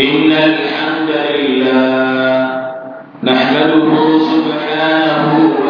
إن الحمد لله نحمده سبحانه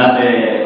da, é,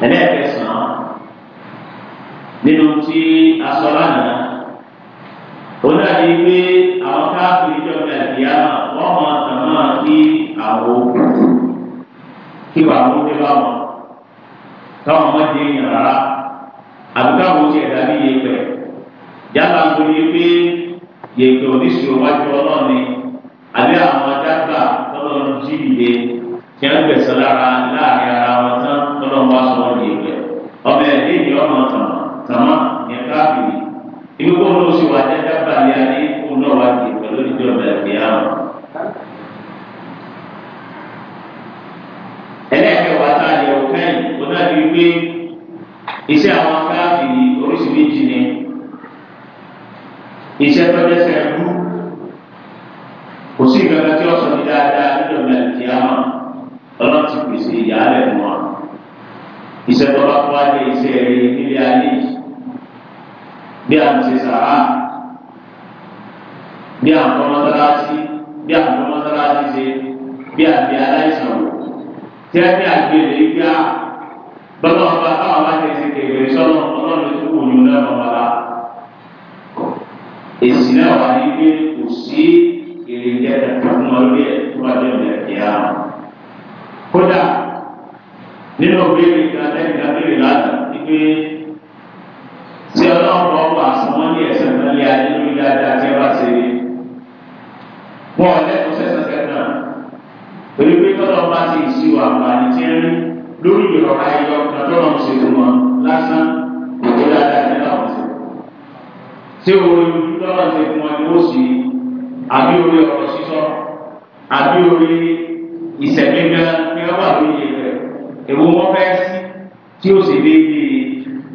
ẹlẹ́ẹ̀kẹsàn-án nínú tí aṣọ lánàá onáàdì pé àwọn káàkiri ìjọba ìyá wọn mọ àtàmọ́ sí àwọn òkú kí wàá mú dé bá wọn táwọn ọmọ di èèyàn rárá àbúkà wo ti ẹ̀dá bí yẹpẹ yálà ń torí pé yẹpẹ oníṣòwò wájú ọlọ́ọ̀ni àbí àwọn adágbà tọ́lọ́run jí ìdè tí a gbèsè lára láàrin ara wọn tán lọ́lọ́wọ́ aṣọ wọn yìí gbẹ ọbẹ̀ lẹ́yìn ọmọ tàmá tàmá yẹn káàkiri ibi kó ló sì wà jẹ́ dábàlẹ́ ayé kó náà wà yìí pẹ̀lú ìjọ bẹ̀rẹ̀ kì í hàn. ẹlẹ́kẹ̀wá tá a lè wọ kẹ́yìn kó dàbí pé iṣẹ́ àwọn káàkiri oríṣi ni iṣẹ́ tọ́jẹ́sẹ̀ ẹ̀kú kò sí ìgbàgbọ́ tí ó sọ ní dáadáa lọ́nà ti pèsè ìyáálẹ̀ fún wa ìṣẹ́tọ́lá tó wá dé iṣẹ́ rẹ̀ nílé ayé yìí bí a ti sàrà bí a tọ́ mọ́sálásí bí a tọ́ mọ́sálásí ṣe bí a bí aláìsàn wò tí a bí a gbé lè gbá bọ́lá ọba káwọn bá ti ṣe kékeré sọ́nà ọlọ́run tó kù yún náà wọn la èsì náà wà ní pé kò sí èrè jẹ́ kàkà fún ọlọ́run yẹn tó bá dé ọ̀dẹ̀ kíá kódà nínú ìbéèrè ìdájọ́ ìdábẹ̀rẹ̀ láti ní pé tí ọlọ́run ọ̀pọ̀ àsùnwọ́n ní ẹ̀sẹ̀ mẹ́lẹ́ ayé lórí dáadáa tí ẹ bá ṣe rí wọn ò lẹ́kọ̀ọ́ sẹ́sẹ̀ kẹta torí pé tọ́lọ́ bá ti ìṣirò àǹfààní tí ń rí lórí ìrọ̀rá ẹyọ lọ́dọ́rọ̀ ń ṣètò wọn lásán òkú dáadáa ní láwọn ṣe. tí orin lọ́rọ̀ ṣe fún wọn ni ó sì àbí orí ọ̀rọ̀ sísọ ìsẹ̀mí gan ni wọ́n wà lóye rẹ̀ èwo wọ́n fẹ́ sí tí ó sì déédéé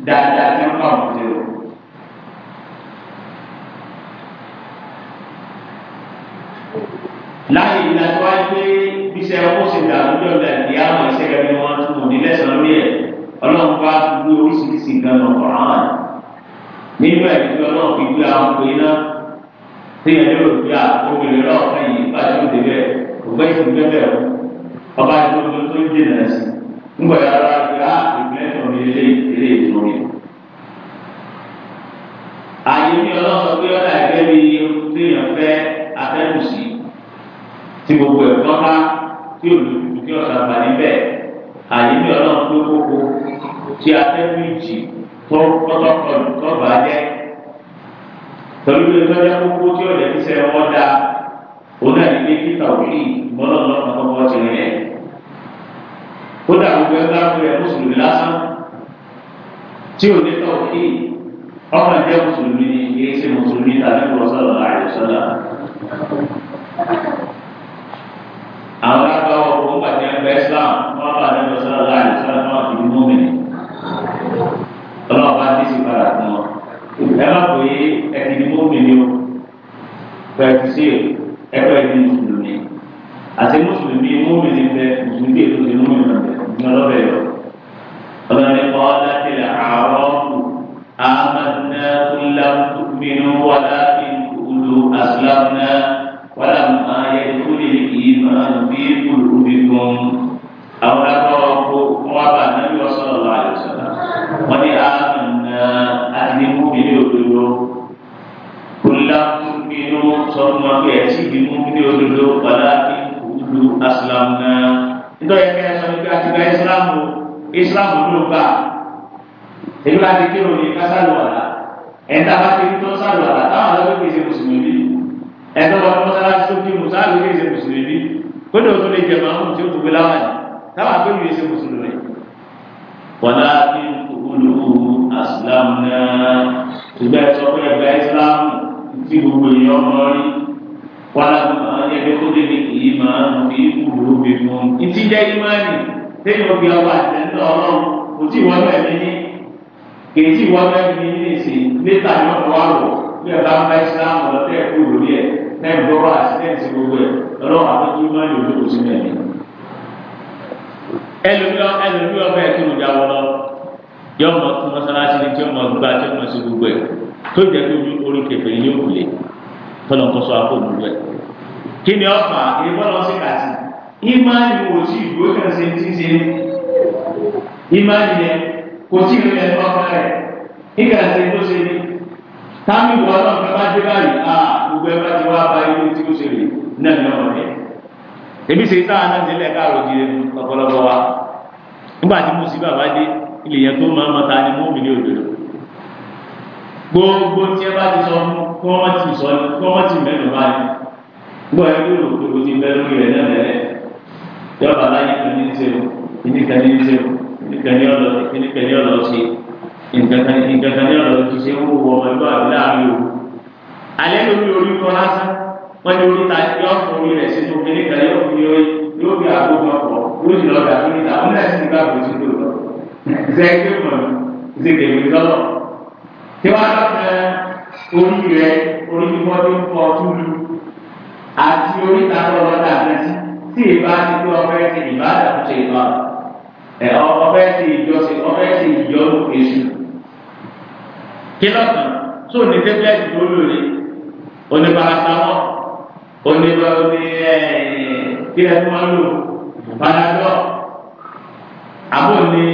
dáadáa tí wọ́n bá wọn ṣe o. láyé ìdájọ́ wáyé pé bíṣẹ́ owó ṣe dàrú jọ̀dá ìdí àwọn iṣẹ́ rẹ̀ ni wọ́n tún òní lẹ́sàn-án lórí ẹ̀ ọlọ́run bá gbé oríṣiríṣi nǹkan lọ kọ̀ hàn nínú ẹ̀ nígbà ọlọ́run fi gbé àwọn òpin náà tí ẹ̀ lérò pé àwọn obìnrin náà yìí bá tó débẹ̀. ògbẹ́ ìgbẹ́ bẹ́ẹ̀ o ọba ìgbẹ́ tó ń dènà ẹ̀sìn ńgbà yàrá ìgbà ìgbẹ́ ìtọ́ni ilé ilé ìtọ́ni. àyè mi ọlọ́sọ pé ọ̀dà ìgbẹ́ mi téèyàn fẹ́ afẹ́kùsì tí gbogbo ẹ̀ tọ́ka tí olùdókòwò kí ọ̀sà bà níbẹ̀ àyè mi ọlọ́sọ pé kókó tí afẹ́kùn ìjì tọ́kọ̀tọ̀kọ̀ ti òun àti pé títà òkè ìmọ̀lọ́ ọlọ́run àkọ́kọ́ ti rìn ẹ̀. kódà gbogbo ẹgbẹ́ àgbẹ̀ ẹ̀ mùsùlùmí lásán tí ò ní tọ̀ òkè ọmọ ìjẹ́ mùsùlùmí ni kì í ṣe mùsùlùmí tàbí mùsùlùmí àìsọ́lá. àwọn agbáwọ̀ ọkọ̀ pàtẹ ẹgbẹ́ Islam wọn bá ní mùsùlùmí àìsọ́lá náà ti mú mi. ọlọ́ọ̀bá ti sì padà fún ọ. ẹ má pè é ẹ ti mú o ẹgbẹ́ ẹni mùsùlùmí àti mùsùlùmí mùmìnì bẹ mùsùlùmí èlò ti mùmìnì bẹ ní ọlọ́bẹ yọ. ọlọ́ni kọ́ láti lè àárọ̀ amadina kulam tukminu wàlá ìkúlù asilamna wàlámù ayé kúlì ìmọ̀ bí kúlù bí kún àwọn. asilamuna eh, itu yang ẹ̀sọ́ ní ká ti Islam ìsìlámù ìsìlámù ló gbà èyí bá ti kírun ní ká sálù àlá ẹ̀ńtà bá ti tó lah àlá táwọn ọ̀dọ́ kékeré ṣe mùsùlùmí ẹ̀ńtà bá tó sálù àti sókè mùsùlùmí kékeré ṣe mùsùlùmí kódà tó lè jẹ màá mú tí ó tó gbé láwàní táwọn akéwì ṣe mùsùlùmí. wọlá kí olùkú wàhálà bàbá wọn jẹ́ pé kó lè ní kìí máa ń fi ìkùrù omi fún un. ìtì jẹ́ ìmánì lẹ́yìn òbí ọba àtẹ̀ńdà ọlọ́run kò tí wọ́n bẹ̀ mí ní kì í tí wọ́n bẹ̀ mí ní ìsìn níta ni wọ́n wá rò bí ọba ń bá ìsìlámù lọ́tẹ̀ kú lórí ẹ̀ náà ń gbọ́rọ̀ àtẹ̀ǹsì gbogbo ẹ̀ ọlọ́run àtẹ̀jú ìmánì olóko sí mẹ́rin. ẹlòmí kọlọ̀ ń kọ́ sọ àpò òdúró ẹ̀. kí ni ọ̀fà ìbọn lọ sí kàtì ìmáàlì wò tí ìdúró kan ṣe ti ṣe ìmáàlì yẹn kò tí ì rẹ̀ ọkọ rẹ̀ nígbà tí ó ṣe ní táwọn ìwọ ọlọ́run fẹ́ bá dé báyìí à gbogbo ẹ bá ti wá bá ilé tí ó ṣe rè náà ní ọ̀rọ̀ rẹ̀. èmi ṣe tá a náà délẹ̀ káàrọ̀ jíire ọ̀pọ̀lọpọ̀ wa nígbà tí mo sì bàbá dé ilé yẹn tó máa ń mọta ni mú mi ní òdòdó gbogbo tí ẹ bá ti sọ fún kọ́mọ́tì sọ ní kọ́mọ́tì mẹ́nu báyìí gbọ́ ẹ kúrò gbogbo ti bẹ lórí rẹ̀ náà lẹ́lẹ́ yọba láyé kan ní ṣe o ìníkan ní ṣe o ìníkan ní ọlọ ìníkan ní ọlọ ṣe ìníkan ní ọlọ ti ṣe wọ́n wọ ọmọ ìlú àbí láàrin o alẹ́ lórí orí kan lásán wọ́n ní orí ta yọ fún orí rẹ̀ sínú ìníkan ní ọ̀fun ní orí yóò fi àgbo kan pọ̀ yóò sì lọ́ọ́ dàbí ìta tí wọ́n á fẹ́ orí rẹ orí fífọ́ tó ń fọ́ túlù àti orí táwọn ọlọ́dà àti tí ìbá ti tó ọfẹ́ ti ìbá àtúnṣe ìbá ẹ ọfẹ́ ti ìjọsìn ọfẹ́ ti ìjọlù èṣù kí lọ́kàn tó ní tẹ́tẹ́ẹ̀tì tó lò ní oníparastamọ́ onípa oní ẹ kí ẹ tó máa lò paradọ́ àbò ní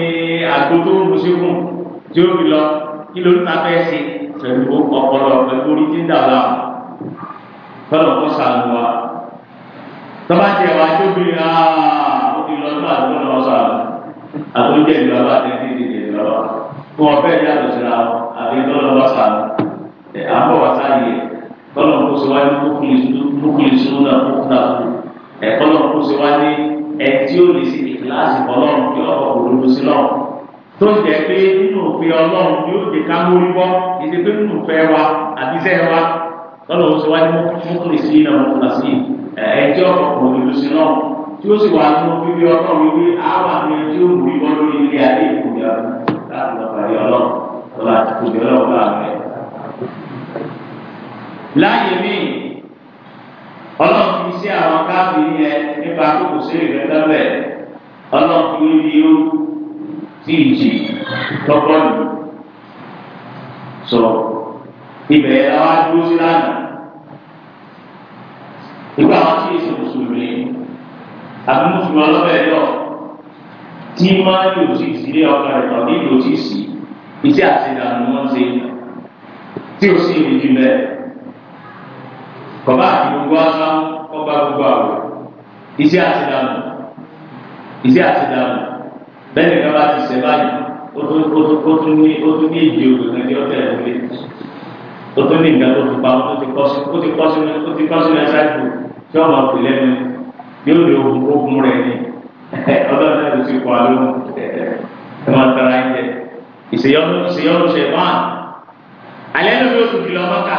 àgbo tó ń lu síkùn tí ó fi lọ kí ló ń ta bẹ́ẹ̀ sí pẹ̀lú ọpọlọ pẹ̀lú orí tí ń dà láàmú tọ́lọ̀ kó sàánú wa tọ́ba jẹ wa tó bí a ó ti lọ nígbà tó lọ sàánú àtúndé ìjọba àtẹ́tí ti di ìjọba kó wọn bẹ́ẹ̀ yàtọ̀ síra àti tọ́lọ̀ wá sàánú ẹ̀ àbọ̀ wá sáyé tọ́lọ̀ kó sọ wáyé múkúlì sínú náà kó kúta fún ẹ̀ tọ́lọ̀ kó sọ wáyé ẹ̀ tí ó lè ṣe ìkíláàsì tó jẹ́ pé nínú òfin ọlọ́run yóò jẹ́ ká mórí bọ́ ìdí pé nínú ìfẹ́ wa àbíṣẹ́ wa lọ́dọ̀ oṣù wa ni mo fún lè sí iná mo fún àṣì ẹjẹ́ ọ̀pọ̀ olùsìn náà tí ó sì wà nínú bíbí ọlọ́run wípé àwọn àmì tí ó mórí bọ́ lórí ilé ayé ìkùnjẹ láti lọ parí ọlọ́run lọ́la ìkùnjẹ ọlọ́run bá rẹ̀. láyé mi ọlọ́run fi sí àwọn káàpì yẹn nípa kókò sí ìrẹ́tẹ́lẹ̀ sí ìjì lọ́pọ̀ nù. sọ ibẹ̀ àwa dúró sí lánàá. ìgbà wọn tí èsì mùsùlùmí àbí mùsùlùmí ọlọ́bẹ̀ lọ tí máa ń yòó sí ìsílẹ̀ ọ̀gá rẹ̀ tàbí yòó sí ìsí iṣẹ́ àṣedànù wọn ṣe tí ó sì rí jù bẹ́ẹ̀. bàbá àti gbogbo aṣáá ọba gbogbo àwẹ̀ iṣẹ́ àṣedànù iṣẹ́ àṣedànù bẹ́ẹ̀ ni kábà ti ṣe báyìí ó tún ní ó tún ní ìdí odò kan ní ọ̀tẹ̀ ìwé ó tún ní nǹkan tó fi pa ó ti kọ́ sí ó ti kọ́ sí ó ti kọ́ sí ní ṣáàtù tí ọmọ kù lẹ́nu yóò lè ogun ogun rẹ̀ ni ọlọ́run náà ló ti kọ́ alóhùn ẹ máa tara ẹ jẹ ìṣèyọ́nù ìṣèyọ́nù ṣe máa alẹ́ ló ló tún kìlọ̀ ọmọ ká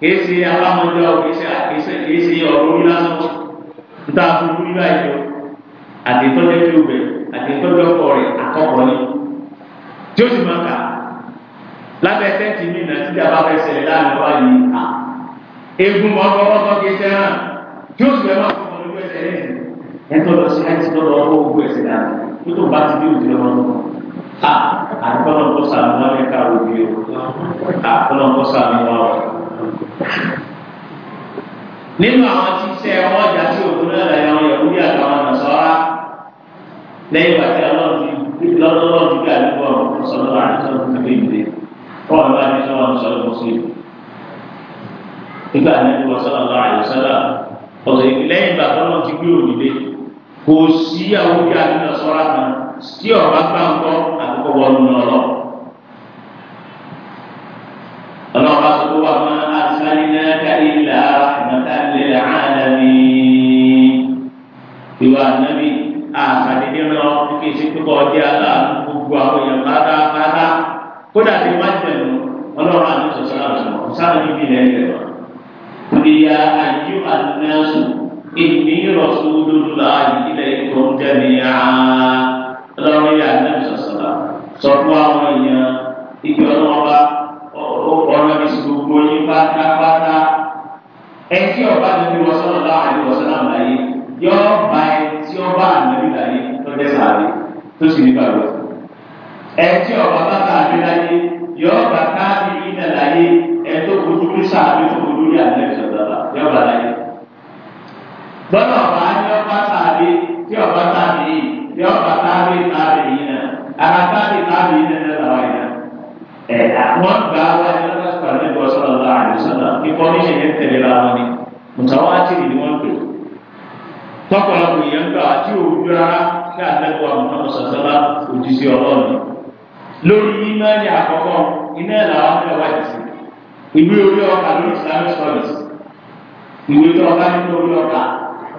kìí ṣe abámọ́jọ́ kìí ṣe kìí ṣe ọ̀rọ̀ orí lásán níta fún orí àti tọ́jú ọkọ rẹ̀ àkọ́kọ́ ni tí ó sì máa kà lábẹ́ tẹ́ǹtì mi nà síbi àbáfẹ́ ṣẹlẹ̀ láàrin wá yìí kà egun ọgbọ́gbọ́gbọ́ kì í fẹ́ràn tí ó sì fẹ́ máa fọwọ́ lójú ẹsẹ̀ lẹ́yìn ẹ̀ tó lọ sí láti lọ́dọ̀ ọwọ́ ogun ẹsẹ̀ dára tó tó bá ti dé òjò lọ́wọ́ lọ́wọ́ a àkọlọ́ tó sàmì wọn lẹ́ka òbí o àkọlọ́ tó sàmì wọn o. nínú àwọn lẹ́yìn wàtí ọlọ́run ti lọ́dún lọ́dún ti gbà nípa ọ̀sọ̀rọ̀ àdìsọ́rọ̀ fún mi ìdè fọ́ọ̀mù bá ti sọ̀rọ̀ ọ̀sọ̀rọ̀ fún sí i. nígbà nípa ọ̀sọ̀rọ̀ àdìsọ́rọ̀ ọ̀sọ̀ lẹ́yìn ìgbà tọ́lọ́ ti gbé òdìdé kò sí àwọn bí àdúgbò sọ́ra kan tí ọ̀rọ̀ bá gbà ń kọ́ àkókò wọnú ìwà nàbí àtàdédé lọ kí n ṣe pípọ̀ ọdí aláàánú gbogbo àwọn èèyàn pátápátá kódà tí wọ́n ti tẹ̀lé ọlọ́run àti sọ̀sọ́lá ọ̀sán sáré níbi ilẹ̀ ẹ̀ lọ. Kùdìyà àyù àdínásù ìní ìrọ̀sù dúdúlá ìdílé ìkọ̀ ń tẹ̀lé ọlọ́run yà ní sọ̀sọ́lá sọ fún àwọn èèyàn ìgbẹ́ ọlọ́wọ́ba ọ̀rọ̀ ní gbogbo yín pátápátá ẹ̀ tí ọ̀bá ti fi wọ́sọ́lá àti wọ́sọ́lá tí ó bá ànábì láyé lọ́jọ́ sáré tó sì ní bàbá. ẹ tí ọba bá sáré láyé yọ ọba káàbì ilẹ̀ láyé ẹ tó kojú ní sáré tó kojú ní ànábì sọ̀tàlá yọ ọba láyé. gbọ́dọ̀ ọba ní ọba sáré tí ọba sáré yọ ọba sáré sáré yìí náà ara sáré sáré yìí náà lọ́wọ́ yìí náà. ẹ àwọn gbà wáyé lọ́sọ̀rọ̀ ànábì sọ̀tàlá èèyàn gbà tí òwúrò rárá kí àtẹ́kọ̀ọ́ àmọ́ sọ̀tọ́lá òjijì ọlọ́run lórí ìmọ̀ẹ́lì àkọ́kọ́ iná ẹ̀ làwọn fẹ́ wá jù sí ìwé orí ọkà lórí Islamic studies ìwé tó ọkà nínú orí ọkà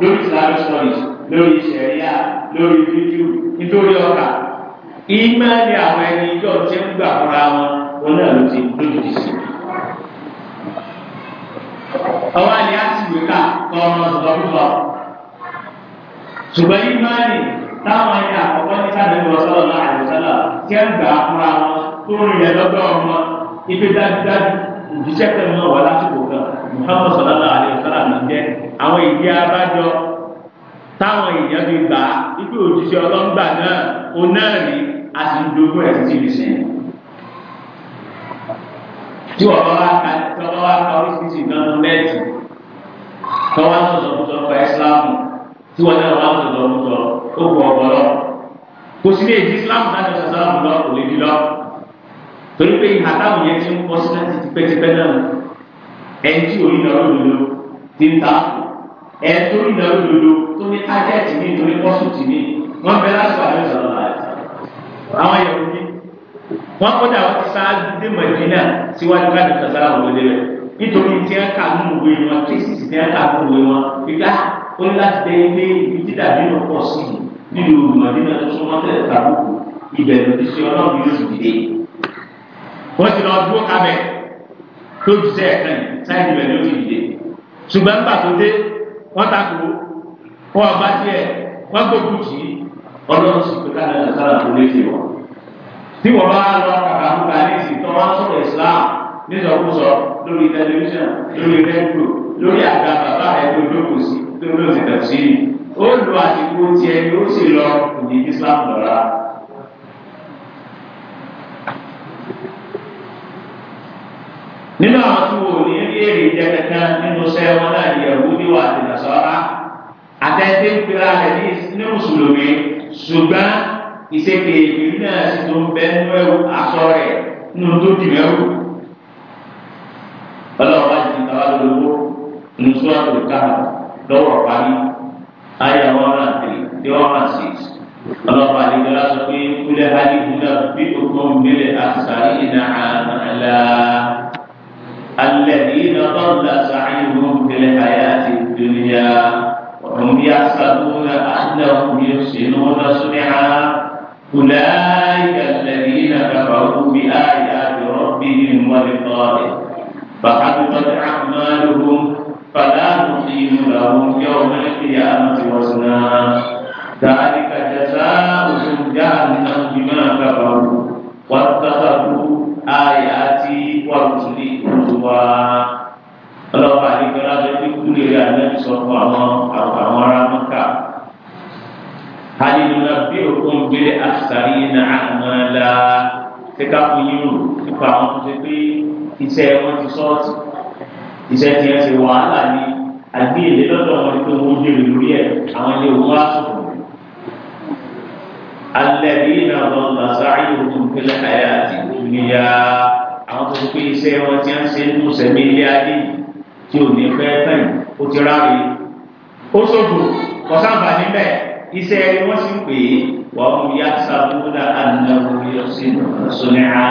lórí Islamic studies lórí sẹ̀ríà lórí fídíò nítorí ọkà ìmọ̀ẹ́lì àwọn ẹni ìjọ ti ń gbà fúnra wọn wọn náà ló ti lójijì sí ọwọ́ àlẹ́ àti ìwé ká kọ́ ọmọ ṣùgbọ́n ìmáàlì táwọn ẹni àkọ́kọ́ ní sàdéhùn ọ̀sọ́lọ̀ náà àdìsọ́lọ̀ tí ń gbà fúnra wọn tó rìn yẹn lọ́dọ̀ wọn ibi dájúdájú òjíṣẹ́ pẹ̀lú náà wà lásìkò kan Muhammad sọlọ́lá àdìsọ́lá náà jẹ́ àwọn ìdí abájọ táwọn èèyàn fi gbà á ibi òjíṣẹ́ ọlọ́ngbà náà òun náà rí àtìdógún ẹ̀sìn tí ìrìnsẹ̀ tí wọ́n wá ka tí wọ́n wá ka oríṣiríṣi nǹkan tí wọ́n wá sọ̀tọ̀ tí wọ́n náà wà lọ́dọ̀ lọ́dọ̀ lọ ó kọ ọ̀bọ̀ lọ. kò sí lè di islam láti ọ̀sán sálámù lọ kò lè di lọ. torí pé ìhà táwọn yẹn ti ń kọ sí láti tipẹ́tipẹ́ náà ẹni tí òní lọ lódodo ti ń ta ẹni tó ní lọ lódodo tó ní tájẹ́ẹ̀tì ní torí pọ́sù tì ní wọ́n bẹ láti wà lọ́sọ̀ lọ́la àwọn yẹn wọ́n kọjá wọn ti sáájú dé mọ̀jìnà síwájú káàdì kàtàkùn lóde rẹ̀ nítorí tí wọ́n kà nínú ìwé wọn tíṣì tí wọ́n kà nínú ìwé wọn gbígbá ó ní láti dé ilé ibi tí dàbí náà pọ̀ sí i nínú olùmọ̀dínà tó súnmọ́ tẹ̀lé tàbùkù ìbẹ̀rù ti ṣe ọlọ́run yóò sì dìde. wọ́n ti lọ dúró kabẹ̀ tó ti sẹ́ ẹ̀kan sáyẹn ìbẹ̀rù yóò sì dìde. ṣùgbọ́n nígbà tó dé wọ́n takò wọ́n ọba tiẹ̀ wọ́n gbógun tì í ọlọ́run sì pé káàdì àtàlà tó lé tiwọn. tí wọ́n bá lọ kàkà nísọkúsọ lórí tẹlifíṣàn lórí rẹ́díò lórí àga bàbá rẹ tó jókòó sí tó ló ti tẹ̀ sí i ó lo àsìkò tiẹ̀ ni ó sì lọ òní Islam lọ́ra. nínú àwọn tó wò ní ní èrè jẹ kankan nínú sẹ́wọ́n náà ìyẹ̀wò níwà àti nàṣọ́ra àtẹ̀tẹ̀ ń pera rẹ̀ ní mùsùlùmí ṣùgbọ́n ìṣèkè ìbílẹ̀ náà sì tó ń bẹ nínú ẹ̀wù aṣọ rẹ̀ nínú tó dì mẹ́wù. nusura tó ká lọ́wọ́ parí ayé wọn náà tẹ̀lé tí wọn náà sì ọlọ́pàá àdìgbòlá sọ pé kúlẹ̀ àdìgbòlá bí òkun mílẹ̀ àṣàrí ìnà àmàlà الذين ضل سعيهم في الحياة الدنيا وهم يحسبون أنهم يحسنون صنعا أولئك الذين كفروا بآيات ربهم ولقائه فحبطت أعمالهم فلا نقيم لهم يوم القيامة وزنا ذلك جزاؤهم جهنم بما كفروا واتخذوا آياتي ورسلي هزوا ọlọ́pàá àdìgbọ́lá bẹ ní kúlẹ̀ rẹ̀ ànábì sọ fún àwọn àwọn ará mọ́kà alìlúwa bí òkun gbélé àṣàrí ní àmàlà ṣe ká fún yín rò nípa àwọn tó ṣe pé iṣẹ́ wọn ti sọ́ọ̀tì iṣẹ́ tí wọ́n ṣe wàhálà ní àgbéyèlé lọ́dọ̀ wọn tó wọ́n jèrè lórí ẹ̀ àwọn ilé òun wá sùn. الذين ضل سعيهم في الحياة الدنيا àwọn tó pé iṣẹ́ wọn ti ń ṣe nínú sẹ̀mí ilé ayé tí ò ní fẹ́ tán ó ti ráre ó ṣòfò kọ̀sáǹbà níbẹ̀ iṣẹ́ wọn sì ń pè é wà ó yá sábúdà ànáwó yọ sínú ṣùnìhà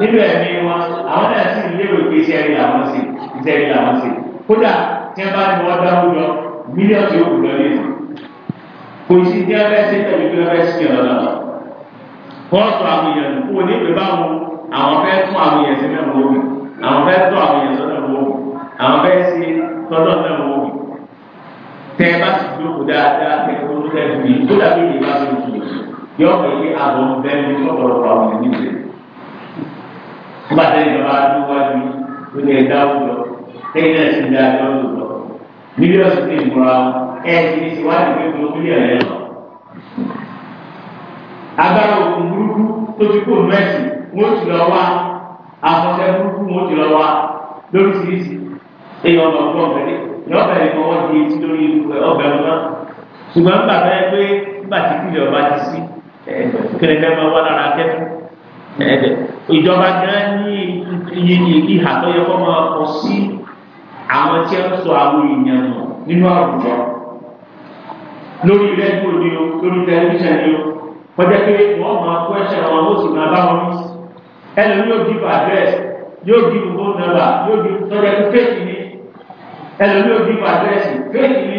nínú ẹ̀mí wọn àwọn náà sì ń lérò pé iṣẹ́ làwọn sì ń sẹ́yìn làwọn ṣe kódà tí wọ́n bá ní wọ́n dá owó lọ mílíọ̀nù yóò wù lọ́lé nù kò sí ní abẹ́ sí pẹ̀lú bí wọ́n fẹ́ sí ọ̀rọ̀ náà wọ́n sọ àwọn èèyàn nù kó ní ìpè báwọn àwọn fẹ́ tún àwọn èèyàn sí mẹ́rin wọ́n mi àwọn fẹ́ tún àwọn èèyàn sọ́dọ̀ wọ́n mi àwọn fẹ́ sí tọ́dọ̀ náà wọ́n mi tẹ́ bá ti dúró dáadáa tẹ́ kó tẹ́ fi kó dàbí ìyẹn bá ti tù yọ pé kí àbọ̀ ń bẹ́ mi lọ́pọ̀lọpọ̀ àwọn èèyàn níbi. wọ́n bá tẹ́lẹ̀ ìjọba adúgbò wájú ó ní ẹ̀dá òwúrọ̀ kéyìn náà ti da lọ́dún lọ mílíọ̀nù ní ìmúra ẹ̀sìn ní tiwájú pé kò mílíọ̀nù ẹ̀ lọ. agbára òkun burúkú tó ti kó mẹ́sì wọ́n ti lọ wá afọ́sẹ́ burúkú wọ́n di etí lórí ọbẹ̀ ọ̀nà ṣùgbọ́n nígbà tó yẹ pé nígbà tí kílẹ̀ ọba ti sí kẹlẹ́kẹ́ máa wá lára akẹ́kọ̀ọ́ ìjọba gan ní ìhà tó yẹ àwọn tí wọ́n sọ àwọn èèyàn nù nínú àwùjọ lórí rẹ́díò ni o lórí tẹlifíṣàn ni o kọjá pé wọ́n máa kó ẹ̀ṣẹ̀ wọn ó sì máa bá wọn ní ẹnu yóò di address yóò di phone number yóò di tọ́jà pé fake ni ẹnu yóò di address fake ni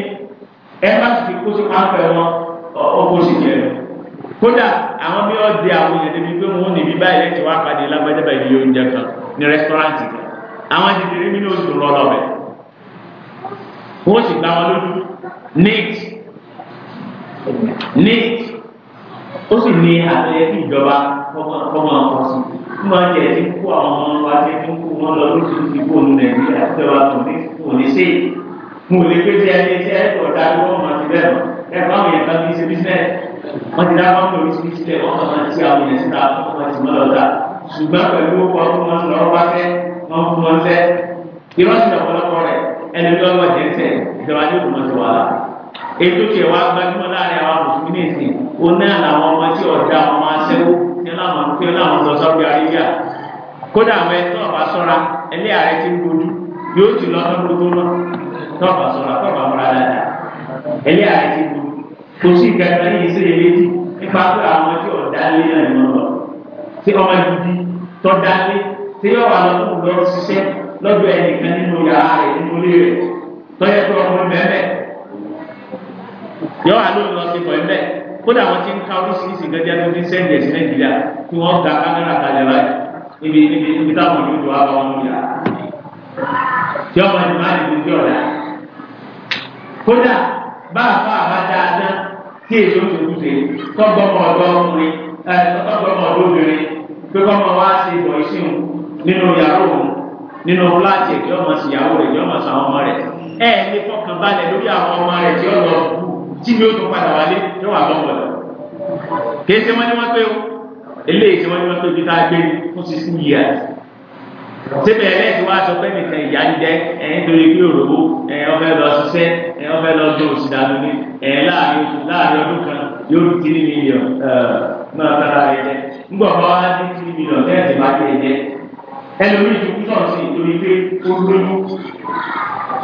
ẹ má sì kó sí máa fẹ́ wọn ọkọ̀ sì jẹ́ kódà àwọn bí wọ́n di àwọn èèyàn débi pé wọ́n níbi báyìí lẹ́tì wá pàdé lágbájá báyìí yóò ń jẹ kan ní rẹ́sítọ́ráǹtì kan àwọn ti nínú oṣù lọ́lọ́bẹ̀ẹ́ wọ́n sì gbà wọn lójú neat neat ó sì ní àlẹ́ ìjọba kọ́mọ ọkọ sí fún wa jẹ́ ti kó àwọn ọmọ wa ti fi kó wọn lọ lóṣù tí kò ní nàìjíríà tí wọ́n kò ní kò ní sí mo lè pé tí ẹni tí ẹni ọ̀dà ni wọ́n máa ti bẹ̀rẹ̀ mọ́ ẹ bá àwọn èèyàn kan fi ṣe bísíǹnẹ̀ wọ́n ti dá wọn kò ní sí wọ́n kàn máa ti àwọn èèyàn síta wọ́n máa ti mọ́ lọ́dà ṣùgbọ́n pẹ̀lú ọkọ̀ ọkọ̀ wọn lọ́wọ́ bá fẹ́ wọ́n fún wọn fẹ́ ìrọ́sìn ọ̀pọ̀lọpọ̀ rẹ̀ ẹni tó ọmọ jẹ́ sẹ̀ ìjọba ní òkú mọ́tò wàhálà ètò tiẹ̀ wá gbajúmọ̀ láàrin àwọn mùsùlùmí nìsín òun náà làwọn ọmọ tí ọ̀dà ọmọ aṣẹ́wó tí láwọn tí láwọn lọ sọ́ọ́ bí arábíà kódà àwọn ẹ̀tọ́ ọ̀bà sọ́ra ẹlẹ́ ààrẹ ti ń gbójú yóò ti lọ sọ́ọ́ tó lọ tọ́ọ̀bà sọ́ra tọ́ọ̀bà múra dáadáa ẹlẹ́ ààrẹ ti gbójú lọ́dọ̀ ẹnìkan nínú yàrá rẹ̀ nínú ilé rẹ̀ tọ́yẹ tó ọmọ mẹ́mẹ́ yọ àlọ́ lọ sí bọ̀ ẹ̀mẹ́ kódà wọ́n ti ń ka oríṣiríṣi gẹ́gẹ́ tó fi sẹ́ńdì ẹ̀sìn nàìjíríà kí wọ́n ga kámẹ́rà kalẹ̀ báyìí ibi ibi ibi táwọn yóò do àwọn ọmọ yàrá tí ọmọ ìlú máa ń lu bí ọ̀la kódà bá a fọ àbá dáadáa tí èso tó kú sí tọ́gbọ́mọ ọ̀dọ́ ọkùnrin tọ́gbọ́mọ ọ̀dọ́ pé kọ́mọ wá sí ìbọ̀ ìsìn nínú yàrá òun nínú ọlá àti ẹ̀kẹ́ ọmọ sí ìyàwó rẹ̀ kí ọmọ sí àwọn ọmọ rẹ̀ ẹ̀ ní fọkàn balẹ̀ lórí àwọn ọmọ rẹ̀ kí ọmọ tí mi ó tún padà wálé yóò wà lọ́wọ́ lọ. kìí ṣe wọ́n ní wọ́n pé o eléyìí ṣe wọ́n ní wọ́n pé bí tá a gbé fún sísú yìí à. síbẹ̀ ẹlẹ́sìn wá sọ pé nìkan ìyá ń jẹ ẹ̀ ń torí bí òròwó ẹ̀ ọ̀fẹ́ lọ ṣiṣẹ́ ẹ̀ ọ̀fẹ́ lọ dún òsì dànù ní ẹ̀ láàrin ọdún kan yóò tiri mílíọ̀n náà tára rẹ̀ jẹ́ ńgbọ̀n bá ẹlòmíì ti kú sọ̀rọ̀ sí ìtòlí pé ó lóyún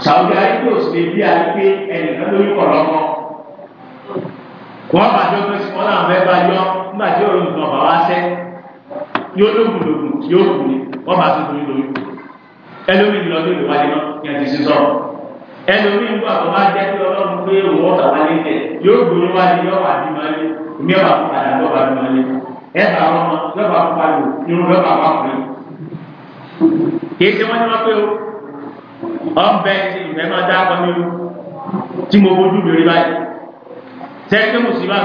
sàwùjọ ayélujára lè bí ayé pé ẹnìkan lóyún kọ̀ lọ́kọ́ wọ́n bá jọ pé wọ́n náà fẹ́ bá yọ nígbà tí òun nǹkan bá wá sẹ́ yóò lógun lógun yóò kù ní wọ́n bá tún lóyún lóyún ẹlòmíì ti lọ sí ìlú wáyé náà yẹn ti sin sọ̀rọ̀ ẹlòmíì ń gbà tó bá jẹ́ pé ọlọ́run pé òun ọ̀tà wá lé tẹ̀ yóò gbóyún wáyé yóò wà ní máa lé ìmí kì í ṣe pé o ọ̀bẹ ti ìfẹ́ máa dá akọ nínú tí mo bójú mi rí báyìí sẹ́kẹ́ mùsùlùmá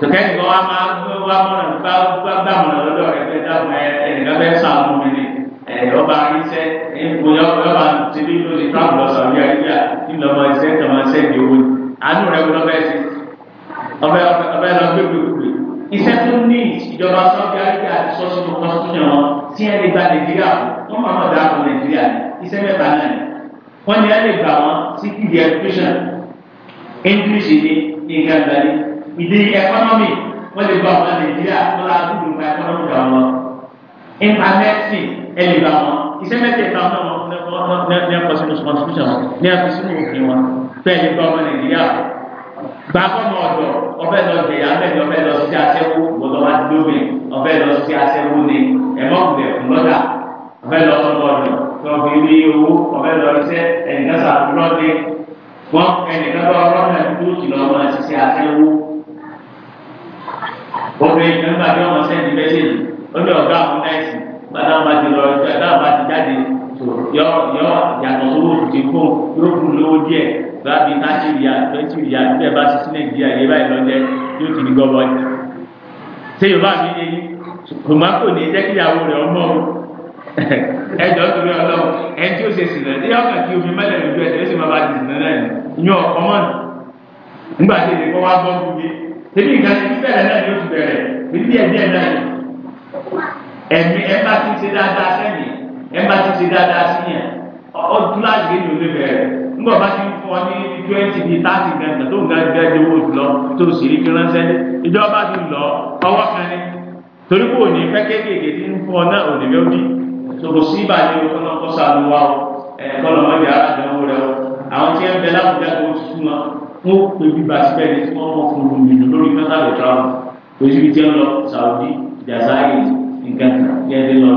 kẹ̀kẹ́ nìkan wá máa wá mọ̀nà bá gbà mọ̀nà lọ́dọ̀ rẹ̀ fẹ́ dáhùn ẹ̀ ẹ̀nìkan fẹ́ sàánú mi ni ọba iṣẹ́ ìgbóyà ọba ti ní lórí tábìlì ọ̀sán ní àríyá ńlọmọ iṣẹ́ tọmọ iṣẹ́ ìdíwọ́ àánú rẹ̀ wọ́n fẹ́ sí ọbẹ̀ ọbẹ̀ lọ gbẹ̀gbẹ̀ gbẹ̀ iṣẹ́ tó ní ìjọba sọ́jà àríkà àti sọ́ọ̀sì tó kọ́ sókè wọn tí ẹ lè gba nàìjíríà wọn máa máa dáàbò nàìjíríà iṣẹ́ mẹ́ta náà ni wọ́n ní ẹ lè gbà wọn sí kìdí education english ní nǹkan ìgbàlè ìdí economy wọ́n lè gba wọn nàìjíríà wọn lọ àdúgbò gba economy gbà wọn intermedicine ẹ lè gbà wọn iṣẹ́ mẹ́tẹ̀ẹ̀ta náà wọn ní ẹ̀kọ́ sínú constitution ní ẹ̀kọ́ sínú òfin wọn bẹ́ẹ̀ lè gba wọn nàìjíríà wọn gbàgbọ́nà ọ̀dọ̀ ọbẹ̀ lọ jẹ ìyá bẹ́ẹ̀ ni ọbẹ̀ lọ sí aṣẹ́wó gbọ́dọ̀ wá lómi ọbẹ̀ lọ sí aṣẹ́wó ni ẹ̀mọ́kùnrin ẹ̀kún lọ́dà ọbẹ̀ lọ sọ́dọ̀ ọ̀dọ̀ tọ́kì ní owó ọbẹ̀ lọ iṣẹ́ ẹnìkan sàdúrà ní wọn ẹnìkan bá ọlọ́ náà tó kìlọ̀ ọmọ ṣiṣẹ́ aṣẹ́wó. obìnrin kan gbà bí ọmọ sẹ́ni mẹ́sẹ̀lì ó ní ọ̀gá báàbí nàìjíríà nàìjíríà níbẹ̀ bá ṣe sí nàìjíríà yẹ báyìí lọ́jẹ́ yóò ti ní gbọ́bọ́ ni. ṣé yorùbá mi yé yín tòmátò ní jẹ́ kíyàwó rẹ̀ ọmọ o ẹjọ́ torí ọlọ́run ẹni tí ó ṣe sì lẹ́yìn ọkà kí omi mẹ́lẹ̀ lójú ẹ̀sẹ̀ ẹ̀sẹ̀ máa bá di ìsìn náà ní ọkọ mọ́ nígbà tí èdè kọ́ wá gbọ́ gbogbo tèmi nǹkan ti bẹ̀rẹ̀ náà ni ó ti bẹ̀rẹ̀ níbi ẹ̀mí ẹ̀ náà ni ẹ̀mí ẹ̀ bá ti ṣe dáadáa sẹ́yìn bẹ̀rẹ̀ fún ọ ní twenty bíi thirty gàgà tó ń ga ga ju owó lọ tó sì rí fi ránṣẹ́ ní ìjọba ti lọ ọwọ́ kan ní torí kò ní fẹ́ kéékèèké tí ń fún ọ náà ò ní bẹ́ẹ̀ bí sòkò sí ìbàdí o kọ́nà kọ́ sànù wa o ẹ̀ kọ́nà wọn yà rẹ o àwọn tí ń bẹ láwùjá tó ti fún wa fún pé bíbá ní tí wọ́n mọ̀ fún un nínú lórí mẹ́ta tra Saudi Jazairi nǹkan yẹn ti lọ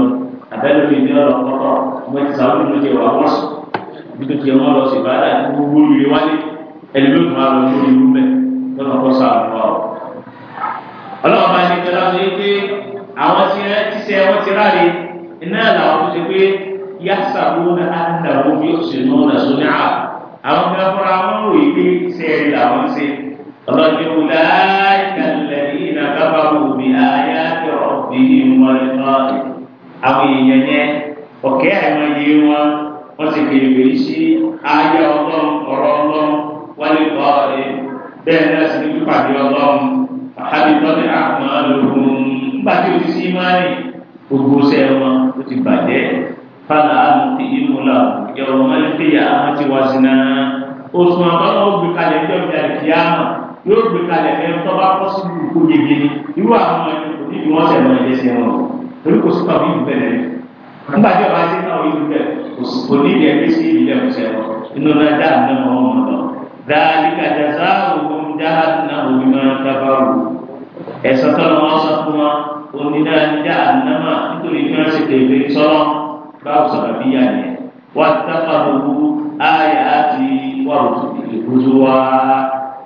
abẹ́lẹ́ mi ti lọ lọ kọ́kọ́ Saudi ló ti wà nítorí tí wọ́n lọ sí ìbára ní gbogbo ìrè wálé ẹni ló tún á lọ sí ìlú mẹ́ lọ́nà kọ́ sàánú wa o. ọlọ́run máa ní kẹlá sọ pé àwọn tí ẹ ti sẹ wọ́n ti ráre iná làwọn tó ti pé yàtọ̀ ló ní àdàbò bí ó sì nù ọ̀nà sóní à. àwọn kan fúnra wọn rò yí pé sẹ́ẹ̀rì làwọn ṣe. ọlọ́run ní kò láì kàlẹ́ ìnà kábàrò àyà wọ́n ti kèrèkè yìí sí ayé ọlọ́run ọ̀rọ̀ ọlọ́run wálé bọ́ọ̀lì bẹ́ẹ̀ náà sì ní pípàdé ọlọ́run àbí tọ́lé àmọ́ lòun nígbà tí o ti sí imáàlì gbogbo sẹ́ wọn o ti bàjẹ́ fàlà àmì ti ìmúlà ìyàwó máa ń pè ya àwọn ti wá sí náà oṣù àbáwọ̀ gbé kalẹ̀ ní ọjà ìkíyàmà yóò gbé kalẹ̀ ẹ̀ tó bá kọ́ sí ìlú kó yege irú àwọn ọmọ ẹni kò ní ìwọ́sẹ̀ mọ́ ẹ̀jẹ̀ nígbà tí ọba ti náà yóò bẹ kò ní ilẹ̀ bí sí ilẹ̀ ọ̀sẹ̀ wọn inú náà dáa náà wọn mọ̀ lọ. dáadéka jàzá òun dáa náà òun máa ń dábàrò ẹ̀sán tó lọ́wọ́ sọ fún wa òun ní dáa ní dáa náà nítorí bí wọ́n ṣe tèlé sọ́rọ́ báwo sọ̀rọ̀ bí yà ni wà á dábàá gbogbo ayé àti wà ó tó ìgbòho wa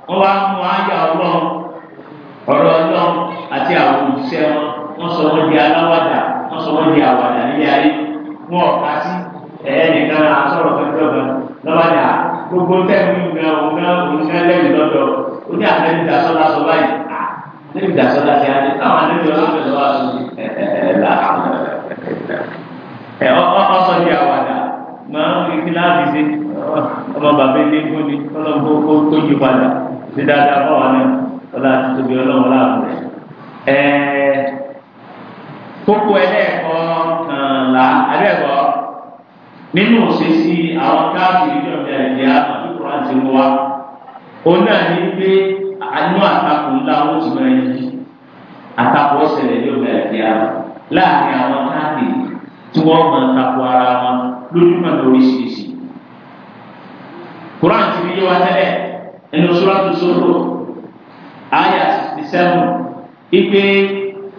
wọ́n wá mú ayé ọlọ́run ọ̀rọ̀ àti àwọn òṣìṣẹ́ wọn wọ́n sọ wọ́n di aláwàdà wọ́n sọ wọ́n di àwàdà nílé ayé wọn ọ̀ka sí ẹ̀ẹ́nìkan asọ̀rọ̀ fẹ́fẹ́fẹ́ lọ́wọ́dà gbogbo tẹ́kùn gan òun gan òun gan lẹ́yìn lọ́dọ̀ ó ní àtẹ́ni ìdásọ́lá sọ báyìí lẹ́yìn ìdásọ́lá ti á ní káwọn àtẹ́ni ọlọ́fẹ́ lọ́wọ́ àtúntò ẹ̀ẹ́dà ẹ̀ ọ̀sọ̀ di àwàdà máa ń fi kíláàsì sí ọmọ bàbá ilé ń gbóni ọlọ́mọ kó yí padà sí dáadáa fáwọn náà ọlá àti tóbi ọlọ́wọ́ láàbù rẹ̀ ẹ̀ẹ́ kókó ẹlẹ́ẹ̀kọ́ kànlá ẹlẹ́ẹ̀kọ́ nínú òṣèṣì àwọn káàkiri ní ọ̀dẹ ẹ̀dẹ́ àti kúrán ti mú wa òun náà ní pé àánú àtakò ńlá wọn ti máa yí àtakò ọ̀sẹ̀lẹ̀ ní ọ̀dẹ ẹ̀dẹ́ láàrin àwọn káàkiri tí wọ́n máa takò ara wọn lójúmọ̀ lóríṣiríṣi kúrán ti yé wa tẹ́lẹ̀ ẹnu sọ́ra tó sọ̀rọ̀ ayà sixty seven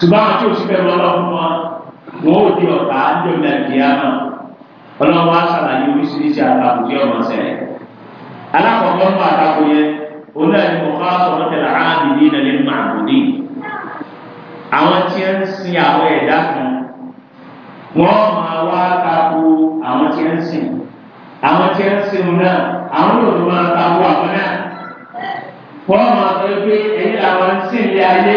ṣùgbọ́n àwọn tí o sì bẹ̀rù ọlọ́run wọn wọ́n ò di ọ̀tá ńdọ̀lẹ̀ ìdíyàmọ̀ ọlọ́run wa ṣàlàyé oríṣiríṣi àtàkùn tí ọmọ sẹ́yìn. alákọ̀ọ́kọ́ mú àtàkùn yẹn òun náà ni mo kọ́ sọ̀rọ̀ tẹ̀lé ààbì ní ìdílé màbòdì. àwọn tí ń sin àwọn ẹ̀dá kan wọ́n máa wá tako àwọn tí ń sìn àwọn tí ń sin náà àwọn yóò máa tako àwọn náà wọ́n máa sọ pé ẹ̀yin làwọn ń sìn ilé ayé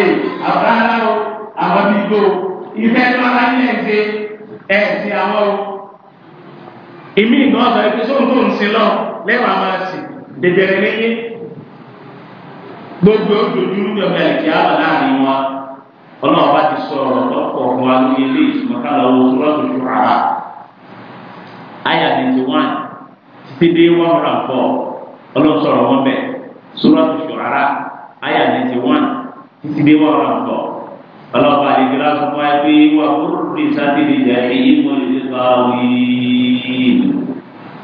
àwọn àwọn ti gbó ìfẹ́ tí wọ́n bá ní ẹ̀sìn ẹ̀sìn àwọn o. ìmí ìgbà ọ̀sán ẹgbẹ́ sóhun tó ń sin lọ lẹ́wàá máa sì dèbèrè lẹ́yìn gbogbo ojoojúmọ́ ìjọba ìkíyà wà láàrin wọn ọlọ́run bá ti sọ̀rọ̀ lọ́pọ̀ ọ̀gbọ́n wa lórí ilé ìsúná kálọ̀ owó sọ́rọ́tò ju ara àyà twenty one títí dé one hundred and four wọn bẹ̀ sọ́rọ́tò ju ara àyà twenty one títí dé one hundred and ọlọ́ọ̀bá àdìgbìlá sọ fún wa pé wà fúrúdì sátidì jẹ́ èyí mo lè sọ àwọn yìí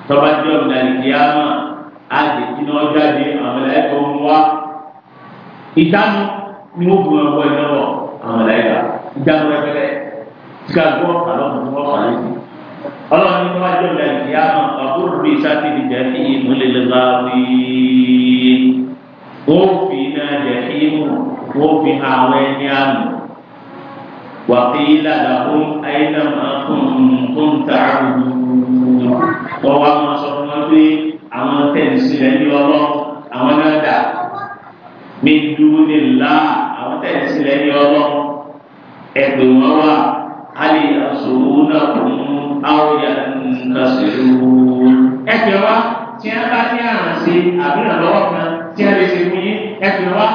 tọ́ba jọ ìdàlìkìyàmà àdìgbì náà jáde àwọn ẹ̀kọ́ ń wá ìdáná ni wọ́n fi wọn bọ iná lọ àwọn ẹ̀ka ìdáná rẹpẹtẹ síkà gbọ́ àlọ́ mọ̀ tó wọ́n fà ọlọ́run ní wọ́n وقيل لهم أينما كنتم تعبدون wọ́n wá sọ fún wọn pé àwọn tẹ̀sí rẹ̀ ní ọlọ́run àwọn náà dà mí dúró ní ńlá àwọn tẹ̀sí rẹ̀ ní ọlọ́run ẹgbẹ́ wọn wà á lè sòwò náà fún àwòyà ńlọsẹ̀rù. ẹgbẹ́ wa tí wọ́n bá ní àrùn sí àbúrò lọ́wọ́ kan tí wọ́n lè ṣe fún yín ẹgbẹ́ wa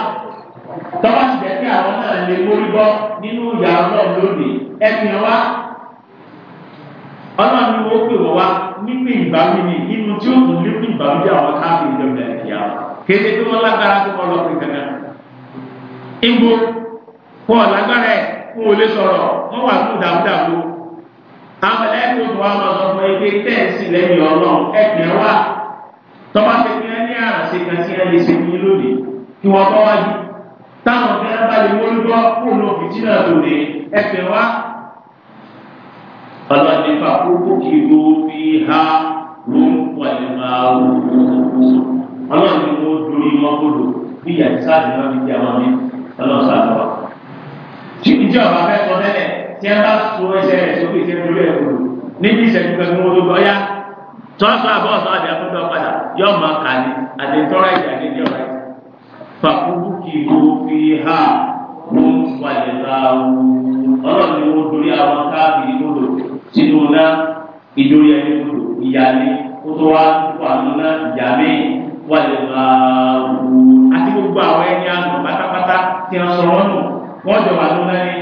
tọ́wọ́ ti jẹ́ kí àwọn náà lè mórí bọ́ nínú ìyá ọlọ́run lónìí ẹ̀sìn wa ọlọ́run ni wọ́n pè wọ́n wá nínú ìbámu ni nínú tí ó kún nínú ìbámu jẹ́ àwọn káàkiri ìjọba ìyá kéde tí wọ́n lágbára tó kọ́ lọ́kùnrin kankan. Igbo fún ọ̀lágbára ẹ̀ fún olè sọ̀rọ̀ wọ́n wà fún dàmúdàmú. Àwọn ẹlẹ́gbẹ̀ẹ́ tó wà máa sọ fún ẹgbẹ́ tẹ́ẹ̀sì lẹ́yìn ọlọ́run ẹ̀kẹ́ wà. Tọ́ba ṣe kí wọ́n àràṣe kan sí ẹni ṣe ní lónìí kí wọ́n bọ́ wájú táwọn ọ̀gá bá lè wọ́n gbọ́ fún un òfin jìnnà tó lè ẹ̀fẹ̀ wá. ọlọ́ọ̀dẹ fàkókò kì í fi ha ló ń wọlé máa wò ó. ọlọ́ọ̀dẹ mo dorí mọ́kòlò bí yàtí sáàdì náà fi jẹ́ wọn ní ọlọ́ọ̀sà lọ́wọ́. tí ìjọba fẹ́ sọ tẹ́lẹ̀ tí a bá so ẹsẹ̀ rẹ̀ sókè tí a ń lé ẹ̀kọ́ níbi ìṣẹ́jú pẹ̀lú owó tó gbọ́yá àbọ̀ ọ̀sán àbí akúndọ̀ padà yọ fàkúrúkìlú fi hà wọ́n wàlẹ̀ láàrú ọlọ́run ni wọ́n dorí àwọn káàkiri gbọdọ̀ sínú náà ìdórí ẹni gbọdọ̀ ìyáálé kó tó wá púpọ̀ àwọn náà ìyáálé wàlẹ̀ láàrú àti gbogbo àwọn ẹni àná pátápátá tí wọ́n sọ wọ́n nù wọ́n jọ wà lónà ní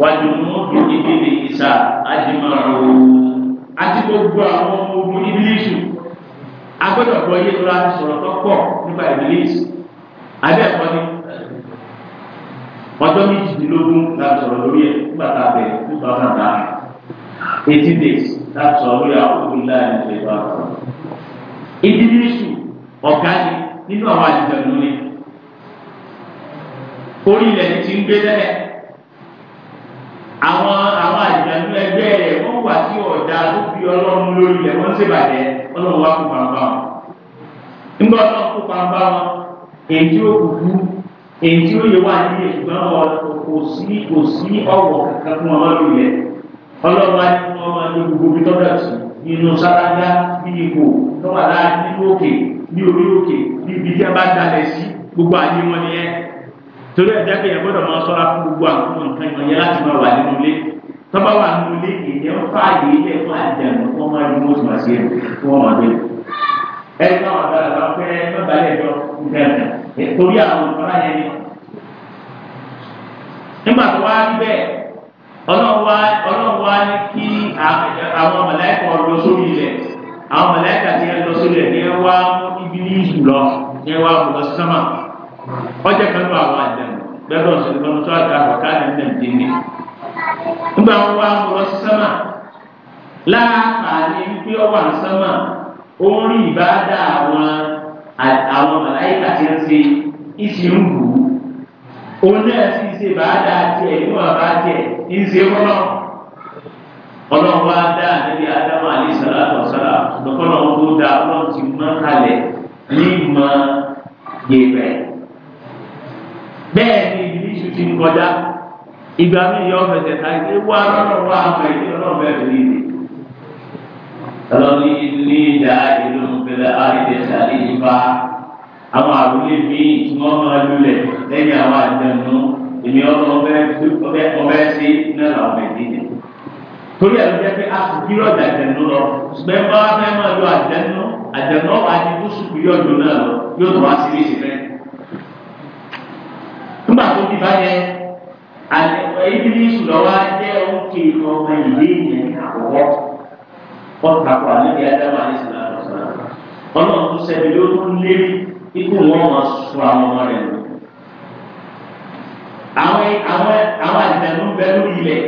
wàdùnú ìdílé ìsà àdìmọ̀ràn àti gbogbo àwọn ọmọ ogun ìbílísù agbọ́dọ̀ gbọ́ yé tó láti sọ̀rọ̀ tó pọ̀ nípa ìbílísù. abẹ́ ẹ̀kọ́ ni ọjọ́ méjìdínlógún láti sọ̀rọ̀ lórí ẹ̀ nígbà tá a two thousand and eighty days láti sọ̀rọ̀ lórí àwọn ìlà ìṣẹ̀ ìgbà ọ̀rọ̀. ìdílésù ọ̀gá ni nínú àwọn àdìgbẹ̀nu ni orí ilẹ̀ ti ti ń gbé lẹ́lẹ̀ àwọn àwọn ẹgbẹ́ rẹ̀ wọ́n wà sí ọ̀dà tó fi ọlọ́run lórí ilẹ̀ wọ́n ń ọlọ́run wá kó pàmpá èyí ó kúkú èyí ó yẹ wá ní ìṣùgbọ́n kò sí kò sí ọ̀wọ̀ kankan fún ọmọ lò yẹ ọlọ́wọ́ á ní wọ́n máa ní gbogbo bí tọ́jà sí nínú sálágá ní ipò tọ́wà láà nínú òkè ní orí òkè ní ibi tí a bá dalẹ̀ sí gbogbo àyè wọn nìyẹn torí ẹ̀jẹ̀ pé yẹn gbọ́dọ̀ máa sọ́ra fún gbogbo àwọn nǹkan ìmọ̀ yẹn láti máa wà nínú ilé tọ́ba wà nínú ilé èyí ẹ̀ ilé fún àjẹmọ́ ẹgbẹ́ àwọn ọ̀dọ́ àgbà fẹ́ mẹ́bàálẹ̀ jọ ìgbẹ́rẹ̀ àwọn ìfọ̀rọ̀ yẹn ni. nígbà tó wá rí bẹ́ẹ̀ ọlọ́run wá ní kí àwọn màláíkà lọ sórí ilẹ̀ àwọn màláíkà ti lọ sórí ilẹ̀ ní wá ibi ní ìsù lọ ní wá kò lọ sí sámà ọjà kan ló àwọn àjẹm bẹ́ẹ̀ lọ sí lọ́nà tó àgbà àwọ̀ káàdì ní nàìjíríà nígbà wọn wá lọ sí sámà láàárín pé ọwọ́ àsámà ó ń rí ìbáradà àwọn àwọn màláìkà tí ń ṣe ìṣe ń wù ú òun náà sì ṣe ìbáradà tiẹ̀ ní bàbá tiẹ̀ ń ṣe kọ́nà ọlọ́run wá dá àdébí ádámù alayhi salatu wa salam lọ́kọ́nà tó dá ọlọ́run ti mọ́ kalẹ̀ ní ìmọ̀ yẹ̀bẹ̀ bẹ́ẹ̀ ni ìbílíṣu ti ń kọjá ìgbà mi yọ ọ́ fẹsẹ̀ ta ẹ wá lọ́rọ̀ wá àwọn ẹ̀yìn ọlọ́run bẹ́ẹ̀ lè ọlọ́ni ilé ìjà ìlú ìpínlẹ̀ àìdẹ̀sà ìyípa àwọn àrùlé mi tí wọ́n máa lulẹ̀ lẹ́yìn àwọn àjẹnú èmi ọlọ́ọ̀bẹ ọbẹ̀ sí náírà ọbẹ̀ nílẹ̀. torí ẹ̀rọ jẹ́ pé a sì kíró ọ̀dà àjẹnú lọ ṣùgbọ́n bá wá fẹ́ máa lo àjẹnú àjẹnú ọ̀hún àti búṣùkú yóò dùn náà lọ yóò tó wá sí ilé ìsìnkẹ́. nígbà tó ti bá yẹ àlẹ́ ìdílé ìṣùlọ́wọ́ á wọn ta kọ àlejò ẹdáwọ àlejò náà lọ sọ̀rọ̀ Ọlọ́run tó ṣẹbi ló tún lé ikú wọn máa sọ àwọn ọmọ rẹ lọ. àwọn àwọn àwọn àdìdàlú ń bẹ lórí ilẹ̀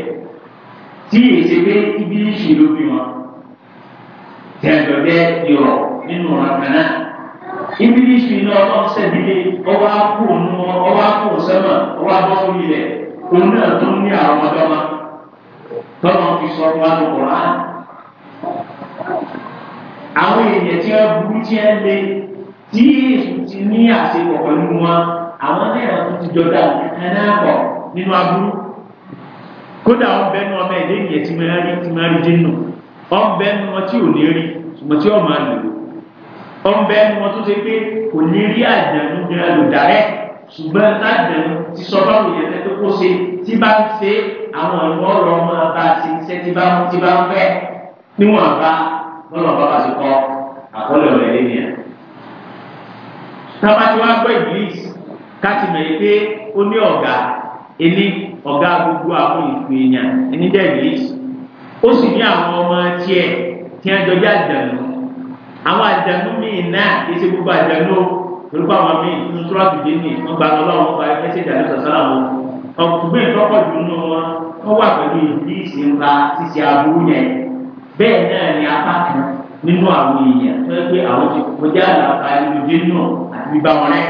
tí èsè pé ibi ń ṣe ló bí wọn tẹ̀dọ̀dẹ́ yọ̀rọ̀ nínú ọ̀ràn náà ibi ń ṣe iná ọlọ́run ṣẹbi lé ọwọ́ àpò nù ọwọ́ àpò sẹ́mà ọwọ́ àbọ̀ orí ilẹ̀ òun náà tó ní àwọn ọmọdé ọmọ tọ́lọ́ fi sọ fún àlùkò rárá àwọn èèyàn tí wọ́n burú tí wọ́n lé tí èsù ti ní àṣepọ̀ pẹ̀lú wọn àwọn náírà tó ti jọ dà náírà pọ̀ nínú aburú kódà wọn bẹ nu ọmọ ẹdẹ yẹn tí máa rí tí máa rí dínú wọn bẹ nu wọn tí ò ní rí ṣùgbọ́n tí wọn máa lò wọn bẹ nu wọn tó ṣe pé kò ní rí àjẹnú ní alòdàrẹ́ ṣùgbọ́n àjẹnú ti sọ báwo yẹn tẹ́ tó kó ṣe tí bá ń ṣe àwọn ọ̀rọ̀ ọmọ bá ti ṣe tí bá ń fẹ́ níwọ̀n bá lọ́nà bàbá ti kọ́ àkọlẹ̀ ọ̀rẹ́ lẹ́nìyà. tábàtí wàá gbọ́ ìgbìlís káàtì mọ̀ yìí pé ó ní ọ̀gá ẹni ọ̀gá gbogbo àwọn ìpè èèyàn ẹni jẹ́ ìgbìlís ó sì ní àwọn ọmọ tiẹ̀ tí wọ́n jọjá àjànú àwọn àjànú míì náà kì í ṣe gbogbo àjànú orúkọ àwọn míì nínú sọ́ọ́tù dé ní wọ́n gba ọlọ́run gba mẹ́sẹ̀jì àdúgbò ọ̀gbìn tọ́kọ̀ jù nínú wọn wọ́n wà pẹ̀lú ìgbìlís nípa ṣíṣe aburú yẹn bẹ́ẹ̀ náà ni apá kan nínú àwọn èèyàn tó yẹ pé àwọn ti kọjá àlàfà ìlúdé náà àti bíbá wọn rẹ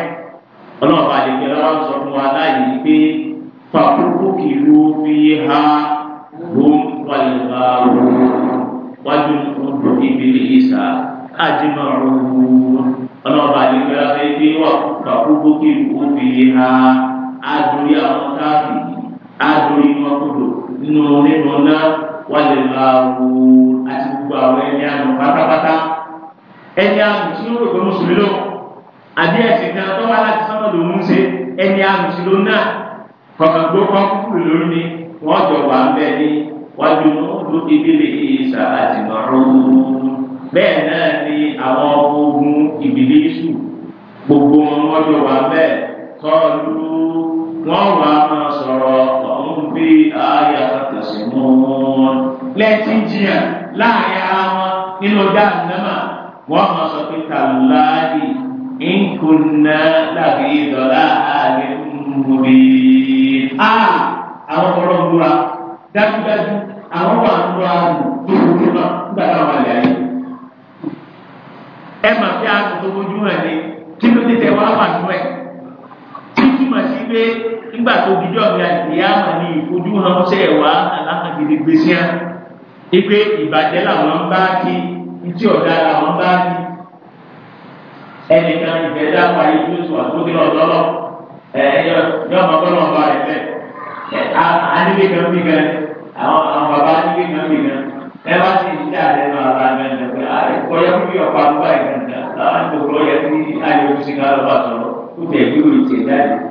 ọlọ́run bá lè jẹ́ra wọn sọ fún wa láàyè ni pé fàkókò kìlú fi ha ló ń palẹ̀bà wò wájú odò ìbílẹ̀ ìsà àdìmọ̀ ọ̀hún ọlọ́run bá lè jẹ́ra fẹ́ pé fàkókò kìlú fi ha àdúrí àwọn káàkiri àdúrí wọn kúrò nínú nínú náà wọ́n lè máa wo àti gbogbo àwọn ẹni àmì pátápátá ẹni àmì tí ó rò pé mùsùlùmí lò àbí ẹ̀sìn kan tó wá láti sọ́nà ló ń ṣe ẹni àmì tí ló náà kọ̀ọ̀kan gbó kan kúkú lórí ni wọ́n jọ wà ń bẹ̀ ní wájú ló ìdílé ìṣà àti mọ̀rún bẹ́ẹ̀ náà ni àwọn ogun ìbílẹ̀ ìṣù gbogbo wọn jọ wà ń bẹ̀ tọ́ọ̀lù wọ́n wà á máa sọ̀rọ̀ ọ̀ tún gbé ayé àtàtàsí mọ́ wọn lẹ́tí jiyàn láàyè ara wọn nínú dáhùnámà wọ́n máa sọ pé tàláàdì ìkùnà dàbí ìdọ̀lá ààrẹ múbi. a àwọn ọ̀rọ̀ ń lura dájúdájú àwọn wà ń lura tó kúrú náà nígbà táwọn àlẹ́ ayé. ẹ máa fi àtúntò ojú ẹ̀ ní kí ló dé tẹ̀ wá wà nú ẹ̀ túmọ̀ sí pé nígbà tó di jọ̀gbìn àìsíyá mà ní ìfojú hàn ṣe wá alákàgídé gbèsè hàn pé ìbàjẹ́ làwọn bá kí ntí ọ̀dà làwọn bá kí ẹnìkan ìfẹ́ dáwà yìí tó sùn àtúndì ọ̀dọ́lọ́ ẹ yọ ọmọ bọ́lá ọba rẹ̀ fẹ́ ẹ anílé kan bí gan àwọn àwọn bàbá anílé kan bí gan ẹ bá sì ń dá àlẹ́ náà ara ẹ̀ ẹ̀ pé àlẹ́ kọ́yá fún bí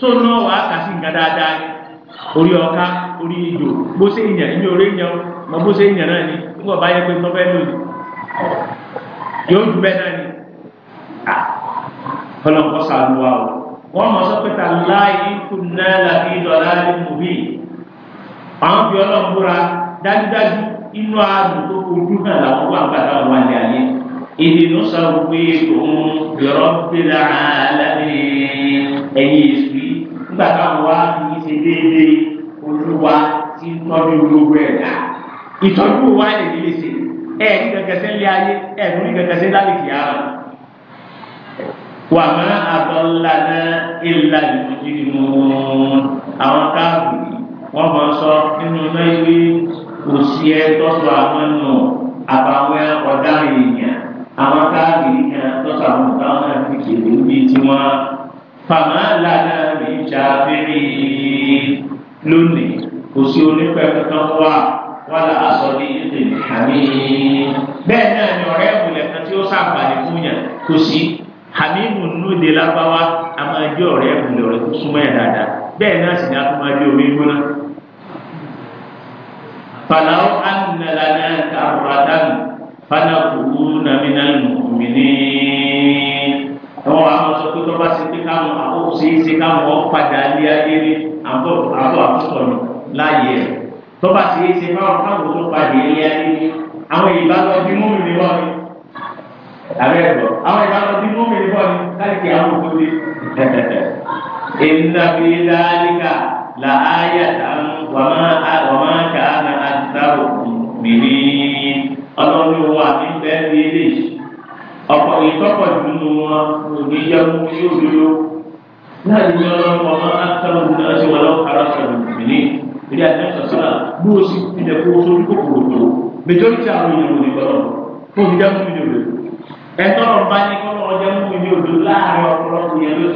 tó ná wàá kà sí nǹkan dáadáa ni orí ọ̀ka orí ìjò bó ṣe yàn ní orí yàn mọ bó ṣe yàn náà ni nígbà bá yẹ pé tọ́ fẹ́ lónìí yóò ju bẹ́ẹ̀ náà ni kọlọ́kọ́ sàánú wa o wọ́n mọ̀ sọ pé ta láàyè kú náà láti ìdọ̀lá ní mùbí àwọn fi ọlọ́run dájúdájú inú ààrùn tó kojú hàn làwọn wà gbàdá wà ní ayé. إذ نسويكم برب العالمين ẹ̀yin èsì nígbà táwọn wá fi ṣe déédéé olúwa tí ń tọ́jú gbogbo ẹ̀dá ìtọ́jú wa lè ní lèṣe ẹ̀ ní gẹ́gẹ́sẹ́ lé ayé ẹ̀ ní gẹ́gẹ́sẹ́ lálẹ́kì ara wà má àbọ̀lànà ìlà ìmọ̀jìnnú àwọn káàbù wọ́n mọ̀ sọ nínú náà ìwé kò sí ẹ tọ́sọ àwọn nù àbáwọn ọ̀daràn èèyàn àwọn káàkiri kan tọ́ka àwọn táwọn náà fi kiri níbi tí wọ́n fàmà lànà mi ṣàfihì lónìí kò sí onípẹ̀ kankan wà wàlà aṣọ ní ètò ìhàmì. bẹ́ẹ̀ náà ni ọ̀rẹ́ ìmùlẹ̀ kan tí ó sàǹfààní fún yàn kò sí hamimu nùdè lábáwá a máa jẹ́ ọ̀rẹ́ ìmùlẹ̀ ọ̀rẹ́ tó súnmọ́ ẹ̀ dáadáa bẹ́ẹ̀ náà sì ni a tún máa jẹ́ omi gbóná. fàlàó ànàlànà kàrọ̀dánù fanakuna minal mu'minin ẹwọn wà á sọ pé tọ́ba ṣe pé káwọn àwọn òṣèṣe káwọn ọ̀padà lé ayé ní àbọ̀ àbọ̀ àtúntọ̀nù láàyè ẹ̀ tọ́ba ṣe é ṣe káwọn káwọn tó padà lé ayé ní àwọn ìbálò bí mú mi ní wọ́n ni àbẹ̀ ẹ̀rọ àwọn ìbálò bí mú mi ní wọ́n ni káàkiri àwọn òkúté ìnàbí láàlíkà làáyà tàn wàmà kàánà àtàrò mìíràn ọlọ́run wa ní bẹ́ẹ̀ ní ilé yìí ọ̀pọ̀ ìtọ́pọ̀ ìdùnnú wọn òní yẹmu yóò dúró náà ní ọlọ́run ọmọ akẹ́kọ̀ọ́ náà ṣe wọlé ọ̀kadà sọ̀rọ̀ ìbìní ìdí àtẹ́sọ̀ sọ́la bó o sì tilẹ̀ kó o sórí kòkòrò tó mẹjọ́rìtì àwọn èèyàn ò ní gbọ́dọ̀ kó o ní jẹ́ fún mi ní òdodo ẹ̀tọ́ lọ bá ní kọ́ lọ́wọ́ jẹ́ fún mi ní òdodo láàrin ọ̀pọ̀lọpọ̀ ló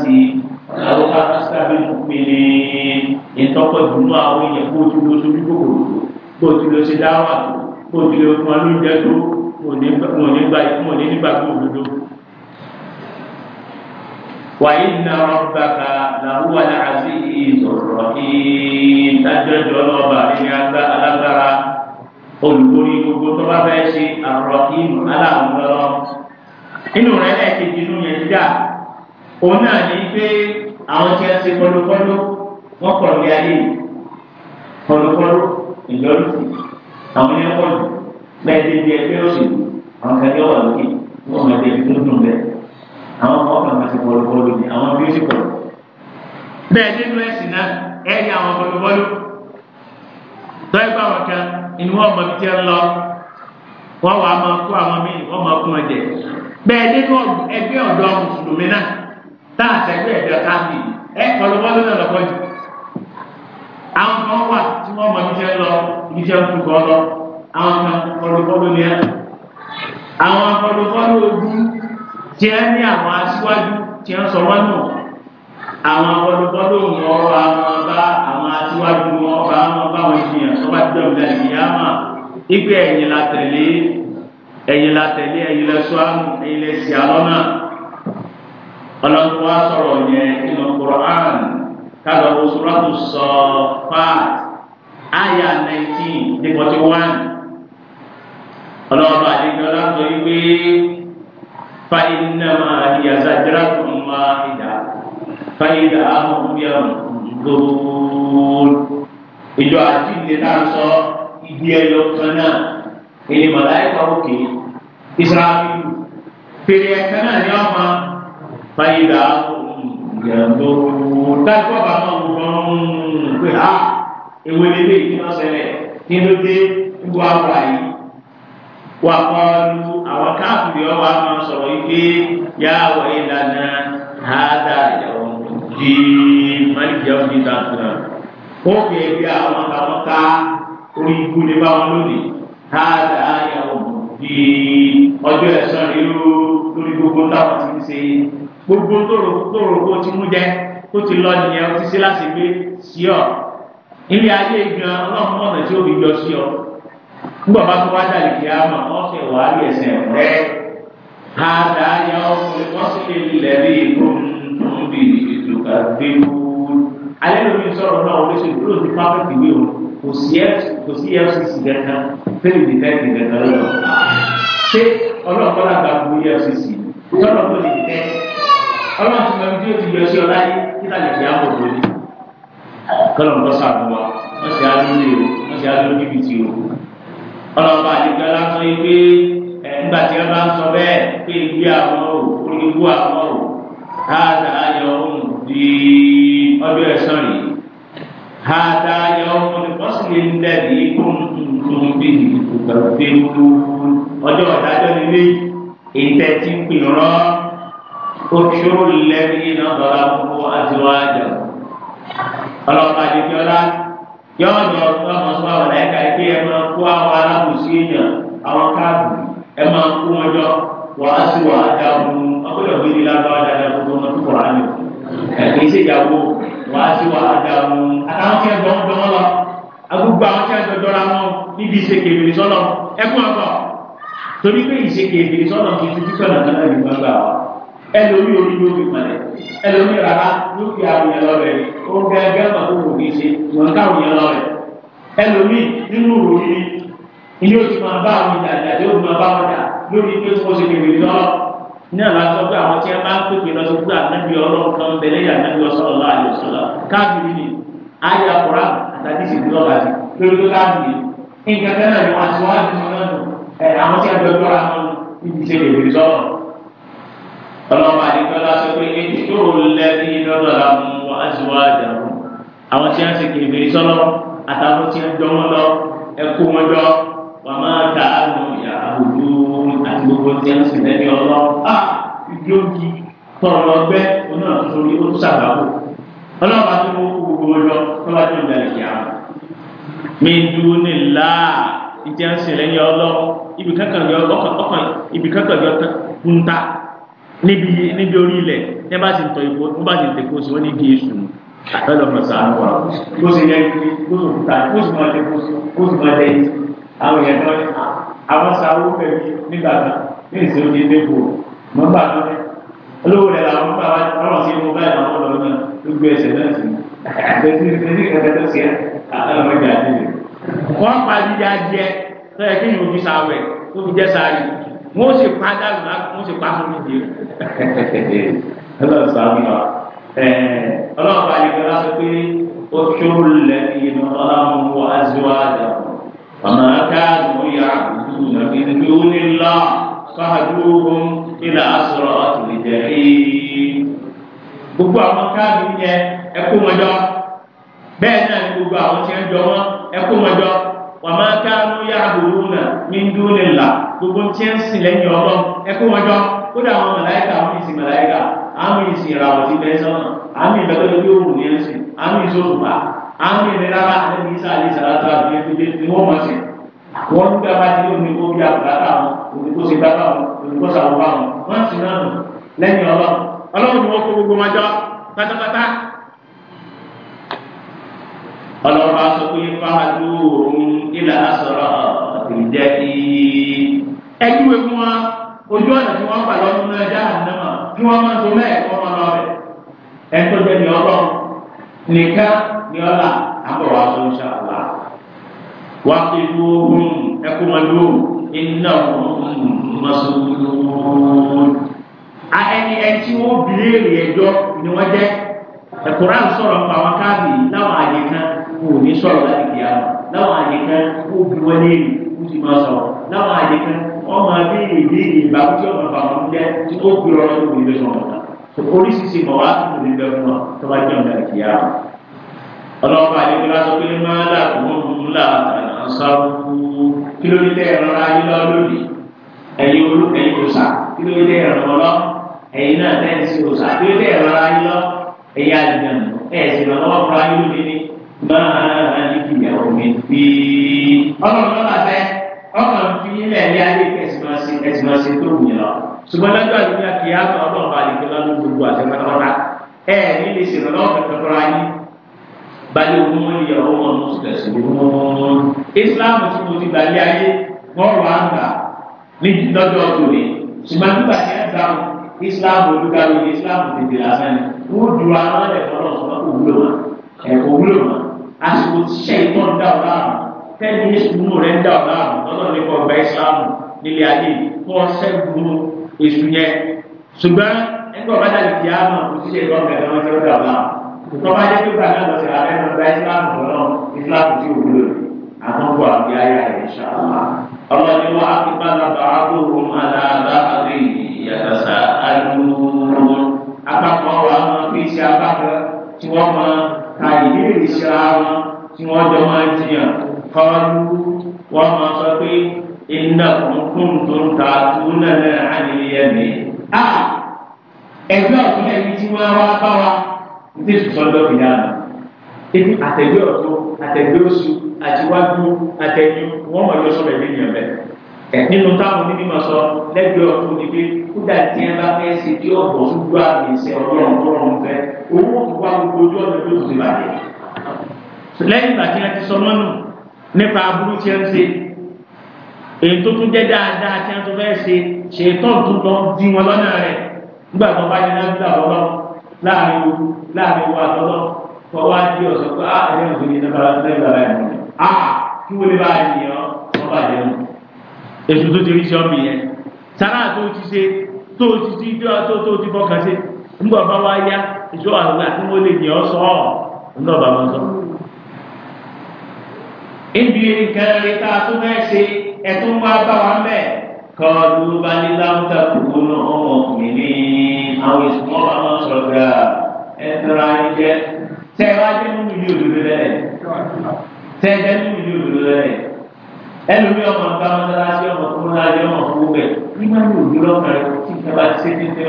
sọ̀rọ̀ àwọn akásítábí ń pèlè ìtọ́pọ̀ ìdùnnú àwọn èèyàn kó tí ló sojú kòkòrò kó tí ló ṣe dáwà kó tí ló fún ọdún jẹ tó wọn ò ní gba ikú wọn ò ní nígbà tó òdodo. wàyí nà rabbaka làwọn wà láàzí ìsọ̀rọ̀ ìdájọ́jọ́ lọ́ba ní alágbára olùkórí gbogbo tó bá fẹ́ ṣe àrọ̀ ìmù aláàmúlọ́. inú rẹ̀ ẹ̀kejì inú yẹn dídà òun náà ní pé. àwọn tí a ti kọlọkọlọ wọn kọ ní ayé kọlọkọlọ ìlọrùsì àwọn ní ọkọlù bẹ́ẹ̀ ti di ẹgbẹ́ òṣèlú àwọn kan yọ wà lókè wọn máa tẹbi tó dùn bẹ́ẹ̀ àwọn ọmọ kan ti kọlọkọlọ ní àwọn bí ó sì kọlọ. nínú náà ẹ yẹ àwọn kọlọkọlọ tọ́ ẹgbẹ́ àwọn kan inú wọn mọ títí ẹ lọ wọn wà tá a tẹ̀lé ẹ̀dá káàdì ẹ̀ kọlọ́mọ́lọ́ náà lọ́kọ́ jù. àwọn kan wà tí wọ́n mọ iṣẹ́ lọ iṣẹ́ ń tukọ̀ lọ àwọn kan kọlọ́kọlọ́ ni ẹ̀. àwọn kọlọ́kọlọ́ ogun tí ẹ ní àwọn aṣíwájú tí ẹ ń sọ wọ́n nù. àwọn kọlọ́kọlọ́ òun ọ̀rọ̀ àwọn bá àwọn aṣíwájú wọn ọba wọn bá wọn jiyàn tó bá jẹ́ òun ìgbé ẹ̀yìn la tẹ̀lé ẹ̀yìn la tẹ̀lé ẹ̀yìn la sọ àmú ẹ̀yìn la sì àlọ́ náà ọlọ́run wá sọ̀rọ̀ yẹn nínú Qur'an kálọ̀ oṣùlọ́tù sọ fáàt àyà 19 ní 41 ọlọ́run àdéjọ́ látọ̀ wípé fàìnàmà ìyàzàjẹ́rà tó ń wá ìdá fàìdà àmọ̀bíyàn lóòrùn ìjọ àti ìdè náà sọ ìdí ẹyọ kan náà ènìmọ̀láyé kọ̀ọ̀kì Israẹli fèrè ẹ̀kan náà ní ọmọ fáyidà yàtọ̀ dájú ọba máa ń gbọ́n pé ha ewé lélẹ̀ kí wọ́n ṣẹlẹ̀ kí ló dé gbogbo àwọn àyè wà kọlu àwọn káàkiri ọba máa ń sọ̀rọ̀ yìí pé yà wọ ìlànà hádà yàwó di màlìkì ọ̀hún ìta tura wọ́n fi ẹgbẹ́ àwọn àwọn ká orí ikú ní báwọn lónìí hádà yàwó di ọjọ́ ẹ̀sán rírú lórí gbogbo táwọn ti ń ṣe gbogbo tóòrògbò ti mú jẹ kó ti lọ nìyẹn ó ti sí láti gbé sí ọ ilé ayé gan ọlọ́run mọ̀nà tí ó fi yọ sí ọ nígbà bá tó wá dàlí kí á mọ̀ wọ́n fẹ̀ wá rí ẹsẹ̀ rẹ̀ àdá ya ọkùnrin wọ́n sì lè lẹ̀ bí ìgbóhùn bí ètò kàgbéwò alẹ́ lómi sọ̀rọ̀ náà olóṣèlú ló ti pàfẹ́tì wí o kò sí EFCC kankan fẹ́lẹ̀ dìtẹ́tì kankan lọ́wọ́ ṣé ọlọ́ọ̀kọ́ làgbà fún EFCC tó lè tẹ́ Kalau ti mẹ́rin tí ó ti yọ sí ọlá yìí títà lè fi àpò lórí kọ́lọ̀ ń bọ́sà ada wọ́n sì á lórí o wọ́n sì á lórí jìbìtì o pilih bá àdìgbà pergi yìí pé nígbà tí di bá ń sọ bẹ́ẹ̀ pé ìgbé àwọn o orígbó àwọn o háàdà ayọ̀ ohun di ọdún ẹ̀sán rèé háàdà ayọ̀ ohun ni bọ́sì lè ń dẹ̀bi kóńtùntùn bí ìdìbò ọjọ́ ọ̀dájọ́ nílé ìtẹ̀tí pè rán. احشروا الذين ظلموا أزواجهم ọlọ́pàá àdìgbọ́lá yọ̀ọ́ ní ọdún ọmọ sọ́wọ́ ọ̀làyíká ẹgbẹ́ ẹ máa kó àwọn alábùsí èèyàn àwọn káàbù ẹ máa kó wọn jọ wọ́n á sì wà á dá ohun ọgbọ́dọ̀ bí ní lágbára dáadáa gbogbo wọn tó kọ̀ọ̀rọ̀ àná ẹ̀kẹ́ ìṣèjàwó wọ́n á sì wà á dá ohun àtàwọn kẹ́ ń dán dán lọ agbègbè àwọn kẹ́ ń dọ́jọ́ra wọn níbi ẹlòmí orí ló fi mọ̀lẹ́ ẹlòmí rara ló fi àwọn yẹn lọ rẹ̀ ó gẹ́gẹ́ mọ̀ tó wò ní ṣe wọ́n ká àwọn yẹn lọ rẹ̀ ẹlòmí nínú ròyìn ilé o ti máa bá àwọn ìjà ìjà tí o ti máa bá wọn jà lórí pé kó o ṣe kébèrè lọ́rọ̀ ní àná sọ pé àwọn tí ẹ máa ń pèpè lọ sí pé ànábi ọ̀rọ̀ kan bẹ̀rẹ̀ yà ànábi ọ̀sọ̀rọ̀ lọ́wọ́ àyọ̀sọ̀rọ̀ káàkiri ni ayé àkùrá àtàkì sì ti lọ́la sí lórí tó káàkiri nǹkan kan náà ni wọ́n aṣọ àti wọn náà nù ẹ̀ àwọn tí ẹ jọ jọra wọn ibi ṣe kébèrè sọ̀rọ̀ ọlọ́ba àdìgbọ́lá sọ pé ètò ìṣòro lẹ́bí lọ́dọ̀ làwọn ọmọ àṣìwọ́ àjàrú àwọn tí wọ́n ti kèbè sọ́lọ́ àtàwọn tí wọ́n jọ wọn lọ ẹkú wọn jọ wà máa ta àwọn ìyàwó àti gbogbo tí wọ́n sì lẹ́bí ọlọ́ à ìdílógi tọ̀rọ̀ ọgbẹ́ oníwà tó sórí ó sàgbàwò ọlọ́ba tó wọ́n kó gbogbo jọ tọ́lá tó ń da ìyá mi dúró ní là ìtẹ́ńsì lẹ́yìn ọlọ́ ibì kankan yọ ọkàn ibì kankan yọ níbi níbi orí ilẹ̀ ní bá ti tọ ìbò ní bá ti tẹ̀kọ́ sí wọ́n ní kí èsù àtọ́lọ̀ mọ̀sá àwọ̀ kó sì yẹ kó sì ta kó sì máa tẹ̀kọ́ sí kó sì máa tẹ̀yìn àwọn èèyàn náà àwọn sáwó pẹ̀lú nígbà kan ní ìsìn oúnjẹ lẹ́kọ̀ọ́ mọ́ gbà tó rẹ̀ olówó rẹ̀ làwọn bá wá lọ́rọ̀ sí mo bá àwọn ọ̀rọ̀ náà ló gbé ẹsẹ̀ náà sí àtẹ̀sí ẹ̀ẹ́dẹ́gbẹ̀rẹ̀ wọ́n sì pa dànù wọ́n sì pa fún mi dì o ọlọ́run sọ àwọn ọmọ ọlọ́run bá yẹ kí wọ́n sọ pé ó ṣòro lẹ́yìn iná ọlọ́run wọ́n á zọ àjà ọmọ akáàdùn ya àbùdù nàbí ní ó ní lọ fáadúró ohun ilà asọ̀rọ̀ àtúndìjẹ́ yìí gbogbo àwọn káàdùn yẹn ẹkú mọ́jọ́ bẹ́ẹ̀ náà ni gbogbo àwọn tí ń jọ wọ́n ẹkú mọ́jọ́ wà máa ká ló yá àbúrú náà ní dúró là gbogbo tí ń sìn lẹ́yìn ọlọ́ ẹkú wọn jọ ó dà àwọn màláìka àwọn ìsìn màláìka àmì ìsìn ìràwọ̀ ti bẹ́ẹ̀ sọ́nà àmì ìgbàgbọ́dọ̀ yóò wù ní ẹ̀sìn àmì ìsòkùnfà àmì ìrẹ́lára àti ìsà àti ìsàlátà àti ìfúdé ni wọ́n mọ̀ sí wọ́n ń gbà bá ti ní omi kó bí àbùkátà wọn omi kó ṣe bá bá ọlọ́ba sọ pé fáadú òun ilà sọ̀rọ̀ ìjẹ́ kí ẹjú egun wa ojú ọ̀nà tí wọ́n gbà lọ́dún náà já àná mà kí wọ́n máa tó mẹ́ẹ̀ kọ́ máa lọ rẹ̀ ẹ̀tọ́ jẹ́ ní ọlọ́run nìkan ní ọlà àbọ̀wá tó ń ṣàlá wá sí ìlú ohun ẹkún wọn ló iná mọ́sùlùmí. ẹni ẹtí wọn bìrì èrè ni wọ́n jẹ́ ẹ̀kúrán sọ̀rọ̀ pa wọn láwọn àyè kan wò ní sọ̀rọ̀ láti kì á láwọn àyè kan ó bí wọn léèrè ó sì máa sọ̀rọ̀ láwọn àyè kan wọ́n máa béèrè béèrè ìbáwí tí ọ̀nà bàbá ń jẹ́ tí ó gbé ọ̀rọ̀ tó kùn lóṣù ọ̀nà oríṣiríṣi mọ̀ wá tó lè bẹ fún ọ tó bá jẹ́ ọ̀nà kì á. ọlọ́pàá àyè kíra sọ pé máa dà fún òun là àṣàrò kí ló dé ẹ̀rọ ayé lọ lónìí ẹ̀yin olú ẹ̀yin òòsà kí ló dé ẹ̀rọ náà tẹ́ǹsì òòsà kí ló dé ẹ̀rọ ayé lọ ẹ̀yin àdìgbà fún ayé lónìí máàlìkì yawmi ddin. ọlọ́run lọ́la fẹ́ ọkàn fi ilẹ̀ ilé ayé kẹsìmọ́sí kẹsìmọ́sí tó wù yẹn lọ. ṣùgbọ́n lọ́jọ́ àdúgbò kì í á tọ́ ọlọ́run balẹ̀ kí lọ́dún gbogbo àtẹ̀mọ́tọ́mọ́ta ẹ̀ ní lè ṣèrànlọ́wọ́ kẹkọrọ ayé balẹ̀ òun wọn yẹ ọwọ́ wọn tó tẹ̀sí wọn. Islam tí mo ti balẹ̀ ayé wọ́n wà ń gbà ní lọ́jọ́ tòlè ṣùgbọ́n nígbà Islam olùdarí Islam tètè lásán ni wọ́n dùn àsìkò tíṣẹ́ ìtọ́ ń dá ọ láàmú tẹ́lẹ̀ ní sùúrù rẹ̀ ń dá ọ láàmú lọ́dọ̀ ní kò gba ìsìlámù nílé ayé kó ọ sẹ́gun èṣù yẹn ṣùgbọ́n ẹgbẹ́ ọ̀bá dàbí kí á mọ̀ kó tíṣẹ́ ìtọ́ ọ̀gá ẹ̀dá wọn fẹ́ dá ọ láàmú tó bá jẹ́ pé gbà náà lọ́sẹ̀ ààrẹ náà gba ìsìlámù lọ́nà ìsìlámù tí ti bá lọ́tọ̀ àdóhùn aláàbá àbí ìyàtọ̀sà tí wọ́n máa ka ìbéèrè síra wọn tí wọ́n jọ máa jiyàn kọ́lù wọ́n máa sọ pé iná kùnkùn tó ń ta tó nàlẹ́ àníyàn ni. a ẹgbẹ́ ọ̀tún ẹni tí wọ́n wá bá wa ní tẹ̀sù sọ́dọ̀ fìdá nà ebi àtẹ̀gbẹ́ ọ̀tún àtẹ̀gbẹ́ oṣù àtiwájú àtẹ̀yìn wọ́n mọ̀ yọ sọ̀rọ̀ ẹ̀mí yẹn bẹ́ẹ̀ nínú táwọn onímọ̀ sọ lẹ́gbẹ̀ẹ́ ọ̀tún ni pé kódà tí bá fẹ́ ṣe tí ọ̀bọ̀ owó òkùnkùn àwọn ojú ọ̀nà tó ti bàjẹ́ lẹ́yìn ìgbà tí wọ́n ti sọ mọ́nù nípa aburú tí wọ́n ń ṣe èyí tó tún jẹ́ dáadáa tí wọ́n tún fẹ́ ṣe ṣètò tó lọ dí wọn lọ́nà rẹ̀ nígbà tó bá yẹn náà gbà lọ́wọ́ láàrin wo láàrin wo àtọ́lọ́ kọ́ wá di ọ̀sẹ̀ pé á ah, ẹ̀yẹ́ òfin ní nàbàrà tó lẹ́gbàá rẹ̀ mọ́ á ah, kí wọ́n lè bá yẹn ọ́ wọ́n bàjẹ́ mọ́ èso tó ti rí sí ọ́ mi yẹn sára tó ti ṣe tó ti ti bí ọ́ tó tó ti bọ́ kàn ṣe ńgbà bá wá yá ìṣó àwọn àti wọn lè yẹ ọ sọ ọ ńlọ bá wọn sọ. ibi nǹkan rí tá a tún fẹ́ ṣe ẹ̀tún wá bá wa mẹ́ kọlu balilawuta kúkúrú ọmọ ọkùnrin àwọn ìṣúná bá wọn sọ gbà ẹ tẹ̀ra ẹ jẹ tẹ ẹ wá jẹ nínú ìlú òdodo rẹ tẹ ẹ jẹ nínú ìlú òdodo rẹ ẹlòmíì ọmọ nǹkan mọ́tàlá sí ọmọ fúnra sí ọmọ fúnbẹ nígbà yóò dúró ọkàn rẹ tí ìjọba ti ṣe ti ṣe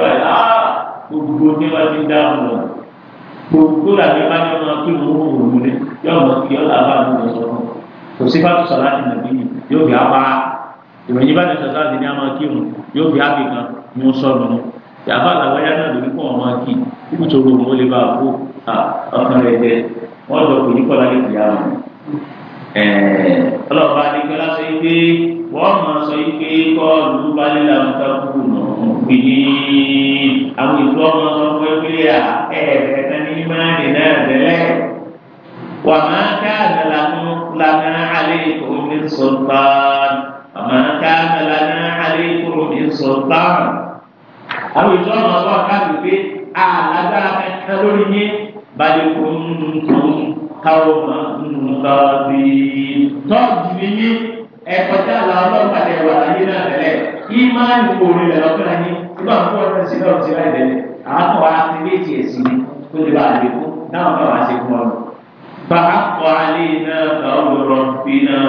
gbogbo ní wọ́n ti dá wọn lọ gbogbo làbí bá yọ máa kí wọn wò wò lé yọ mọ kí ọ làbá mi lọ sọ fún kò sí bá tó sọ láti nàbí yìí yóò bí apá ìròyìn bá tẹsán sáà ní a máa kí wọn yóò bí apè kan ní wọn sọ̀rọ̀ ní yàtọ̀ àlàwọ̀ yá náà lórí kó wọn máa kí ibi tó gbogbo wọn lè bá kó ọkàn rẹ jẹ wọn lọ kò ní kọ́ láyé ìyá wọn. ọlọ́ọ̀bá adigun lásán yìí pé wọ́n máa sọ yìí pé kọ́ọ̀lù balẹ̀ làwọn ká kú nù pé ní àwọn ìlú ọmọ ọmọ ìpínlẹ̀ à ẹ̀ẹ́dẹ́gbẹ́ ní máàlì náà tẹ́lẹ̀ wà máa ká àgbàlagbà lànà alẹ́ ìkòwé sọ̀tà àmọ́ ká àgbàlagbà alẹ́ ìkòwé sọ̀tà àwọn ìlú ọmọ ọmọ káàdì pé àlágbára kẹta lórí yín balẹ̀ kò ń kó káwọn máa ká bí tọ́jú yín ẹ̀kọ́tà làwọn ọlọ́pàá tẹ wà láyé náà tẹ́lẹ̀ ìmáàlì kòrò ilẹ̀ lọ́kùnrin ní ìgbà fún ọ̀rọ̀ sí lọ́rùn sí láì tẹ́lẹ̀ àwọn wa ti lé tiẹ̀ sí ni kó lè bá àlè fún náà náà wá sí fún ọ. bàá kọ́ alẹ́ náà káwọn rọ̀ bí náà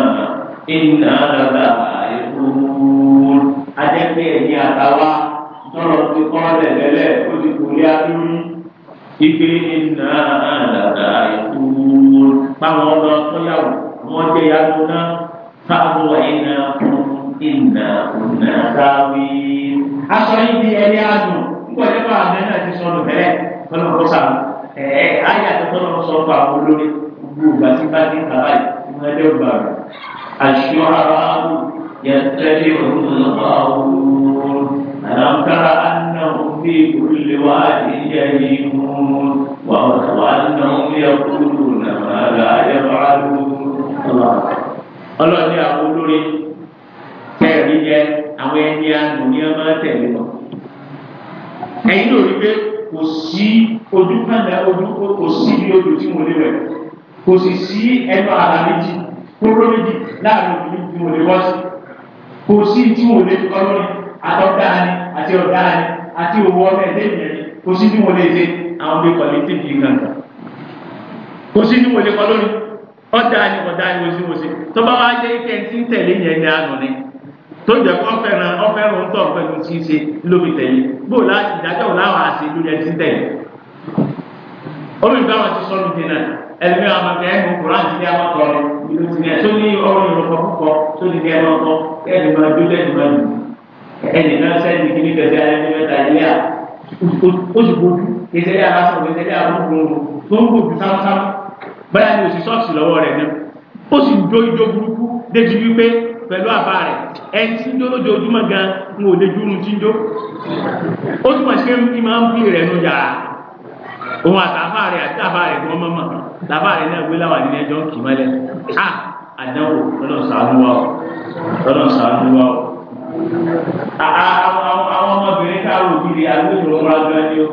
iná dada ìfúrúurú adẹ́pẹ́ ẹ̀yìn àtàwá tọ́lọ̀ ti kọ́ lẹ̀lẹ́lẹ̀ ó ti kò lé adúrú ìgbé iná dada ìfúrúurú báwọn lọ sọ́yàwó wọ́n jẹ́ yàtọ̀ káàbọ̀ iná kún iná kùnà dáwí. aṣọ yìí di ẹni àdùn nígbà tí wọn àmì náà ti sọnù bẹ́ẹ̀ tọ́lọ̀ kọ́ sá ẹ̀ ayé àti tọ́lọ̀ sọ fún àwọn olórí gbogbo ìgbà tí bá ní bàbá yìí wọn ẹjọ́ gbà rẹ̀. aṣọ ara yẹtẹ́lẹ̀ òǹlọ́wọ́ àlàkàrà ànáwó bí olùwà ìyá yìí mú wà wà náà yẹ kúrò nàmàlà ọlọ́ọ̀ni àwọn olórí kẹrin yẹ àwọn ẹni àánú ní ọmọ tẹ̀lé wọn. ẹ̀yin ló rí pé kò sí ojú kànáà ojú kò sí ní ojú tí mo lè wẹ̀ kò sì sí ẹnu ara méjì kóró méjì láàrin ojú tí mo lè wọ́ sí kò sí tí mo lè kọ́ lórí àtọ́dáni àti ọ̀dáni àti òwò ọmọ ẹ̀dẹ́ ìyẹn kò sí tí mo lè ṣe àwọn ọmọ ìkọ̀lẹ́ tèmi kankan kò ọ̀dà ni ọ̀dà ni wosiwosi tó bá wá jẹ́ ike ti ń tẹ̀lé yẹn ní àná ni tó jẹ́ kó ọ̀fẹ́ràn ọ̀fẹ́ràn ń tọ̀ pẹ̀lú tí ń ṣe lómi tẹ̀lé bó o láti ìdájọ́ ò láwọn àṣẹ lórí ẹ ti ń tẹ̀lé. omi ìgbà wọn ti sọnù dènà ẹlẹ́mi àwọn akẹ́kẹ́ ẹ̀hún kuran ti ní àwọn kọrin ìlú ti ní ẹ̀ tó ní ọrùn ìrọ̀kọ̀ púpọ̀ tó ní kẹ́ ẹ̀ máa kọ́ ẹ̀ẹ́dì máa jó lẹ́ẹ̀dì máa lù ẹ̀ẹ́dì náà sẹ́ẹ̀dì kí ní kẹ̀kẹ́ alẹ́ ní mẹ́ta ilé à oṣù gbòógù kẹsẹ̀ yà lásán kẹsẹ̀ yà lóògùn tó ń gbòógù sámúsámú bẹ́ẹ̀ ni òsì sọ́ọ̀sì lọ́wọ́ rẹ̀ náà ó sì jó ijó burúkú débi wípé pẹ̀lú àbá rẹ̀ ẹni tí ń jó lójoojúmọ́ gan ń ò lè júrun tí ń jó ó túmọ̀ sí pé máa ń bí rẹ̀ nù yàrá òun àtàbà rẹ̀ àti àbá rẹ̀ gan mọ́mọ́ làbá rẹ̀ náà wé láwà nílẹ̀ ẹjọ́ kì mọ́lẹ̀ a àdánwò ọlọ́sàánú wa ọlọ́sàánú wa àwọn ọmọbìnrin káàrò òbí rẹ̀ àgbẹ̀yìn òmùra gan ni ó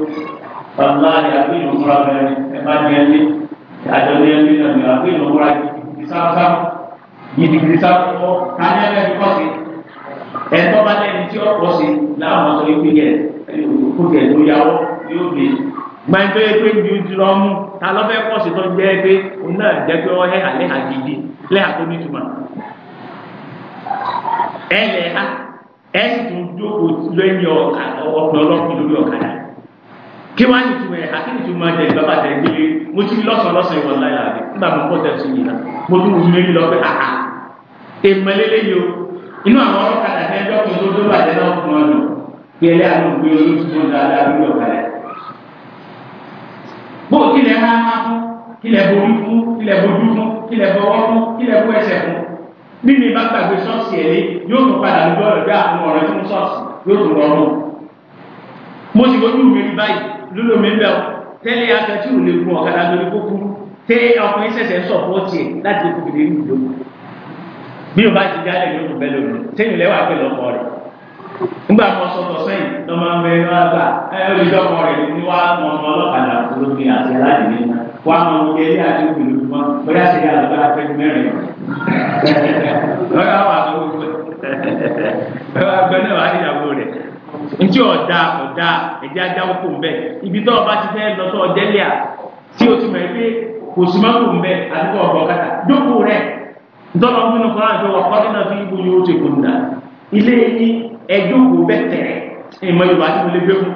bàbá rẹ̀ àgbẹ̀yìn òmùra gan ni ẹ má ní ẹ àjọyọ̀ ẹni náà ní àgbẹ̀ ìlú wúra yìí sáfáfá gidigidi sáfọ káyọ̀ ẹni bá lẹ́ni tí ó kọ́ sí láwọn yóò pé ju ta sí tó jẹ́ pé òun náà jẹ́ pé lẹ́hà tó nítumọ̀ ẹ ẹ sì tún jókòó lórí ọ̀kadà. kí wọ́n á ní ìtumọ̀ ẹ̀ àti ìtumọ̀ ẹ̀ ìgbàgbà tẹ̀ gbélé mo ti lọ́sàn lọ́sàn ìwọ̀n láyà rẹ̀ nígbà mo pọ̀ tẹ̀ sí yìí la mo tún mo mérí lọ pé àhà èèmọ̀ lélẹ́yìí o inú àwọn ọlọ́kadà ní ẹjọ́ kan tó tó bàjẹ́ náà fún ọ nù kí ẹlẹ́ àwọn òbí olóṣùwọ̀n dáadáa lórí ọ̀kadà. bó kílẹ̀ ha ha fún kílẹ̀ borí fún kílẹ̀ bojú fún kílẹ̀ bọwọ́ fún kílẹ̀ bọ ẹsẹ̀ fún mímí bá gbàgbé ṣọ́ọ̀ṣì ẹ̀ lé yóò tún padà lójú ọ̀rọ̀ bí àwọn ọ̀rẹ́ fún ṣọ́ọ̀ṣì yóò tún rọrùn. mo sì lójú mi rí báyìí lúlò mi bẹ̀ tẹ́lẹ̀ akẹ́tì ò lè gun ọ̀kadà lórí kókó tẹ́ ọkùnrin ṣẹ̀ṣẹ̀ ń sọ̀pọ̀ tiẹ̀ láti kó kéde ní ìlú bí o bá ti dálẹ̀ yóò tún bẹ́ lórí sẹ́yìn lẹ́wà pé lọ́kọ rẹ̀ nígbà tó sọ tó sẹ́yìn tó máa ń bẹ ẹ máa gbà ẹ ó lè dọ́kọ rẹ̀ ní wàá mọ ọmọ ọlọ́kadà olómi àti aládìní wàá mọ ọmọ ilé àti òbí lójúmọ́ bóyá ṣe yà lọ́gbà fẹ́ mẹ́rin lọ́kà wà lọ́wọ́ gbẹ náà wà níyàwó rẹ̀ ntí ọ̀dà ọ̀dà ẹ̀jẹ̀ ajáwó kò ń bẹ̀ ibi tó ọba ti fẹ́ lọ sọ ọjẹ́ lẹ́à tí o ti mọ̀ pé kò sí má kò ń bẹ̀ àdúgbò ọ̀gbọ̀n kàtà jókòó rẹ̀ ntọ́nà ọ̀gbìn kan àjọ wà kọ́dé náà fi ibo ni o ti kò ń dà ilé yín ẹjọ́ kò bẹ́ tẹ̀ ìmọ̀ yorùbá tí mo lè gbé fún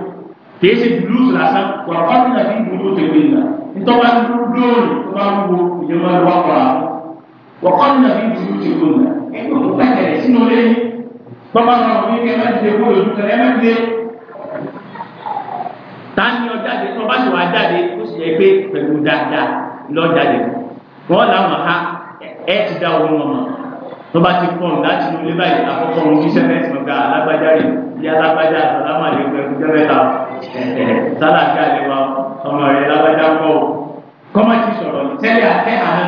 kìí ṣe dùlùs lásán wà kọ́dé náà fi ibo ni o ti kò ń dà ntọ́ba ti dúró dóòrì tó bá wúwo ìjọba wà kọ́ bàbá wọn kò ní kí ẹ má dìde kó lójú kan ẹ má dìde. ta ni ọ jáde tó bá ti wà jáde ó sì yẹ pé pẹ̀lú dáadáa lọ jáde wọn làwọn ha ẹ ti dá owó wọn mọ̀ tó bá ti pọ̀ láti inú ilé báyìí àkọ́kọ́ wọn kí sẹ́fẹ̀sì wọn gba alágbájá rẹ̀ bí alágbájá àtàlámà lè fẹ́ fún jẹ́mẹ́ta sálà kí a wa ọmọ rẹ̀ alágbájá kọ́ ọ. kọ́mọ̀ ti sọ̀rọ̀ tẹ́lẹ̀ àtẹ́ àná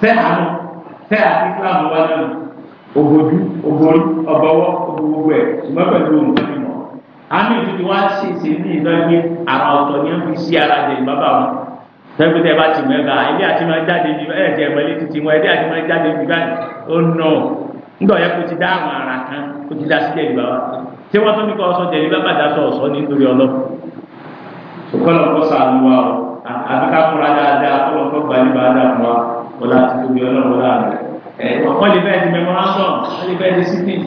tẹ̀ àná tẹ́ àti Islam wà lọ́nà. ogodu ogori ọbọwọ ogogo ẹ ṣùgbọ́n pẹ̀lú olùkọ́ ìmọ̀ àmì ìdíje wá ṣe ṣe ní ìdánwò àrà ọ̀tọ̀ ní ẹ̀fí sí ara jẹ bàbá wọn tẹ́gbẹ́ tẹ́ bá ti mọ̀ ẹ́ àti máa jáde ní ẹ̀ jẹ́ ìmọ̀lẹ́ ti ti wọn ilé àti máa jáde báyìí wọ́n lè bẹ́ẹ̀ di memorandum wọ́n lè bẹ́ẹ̀ di sitting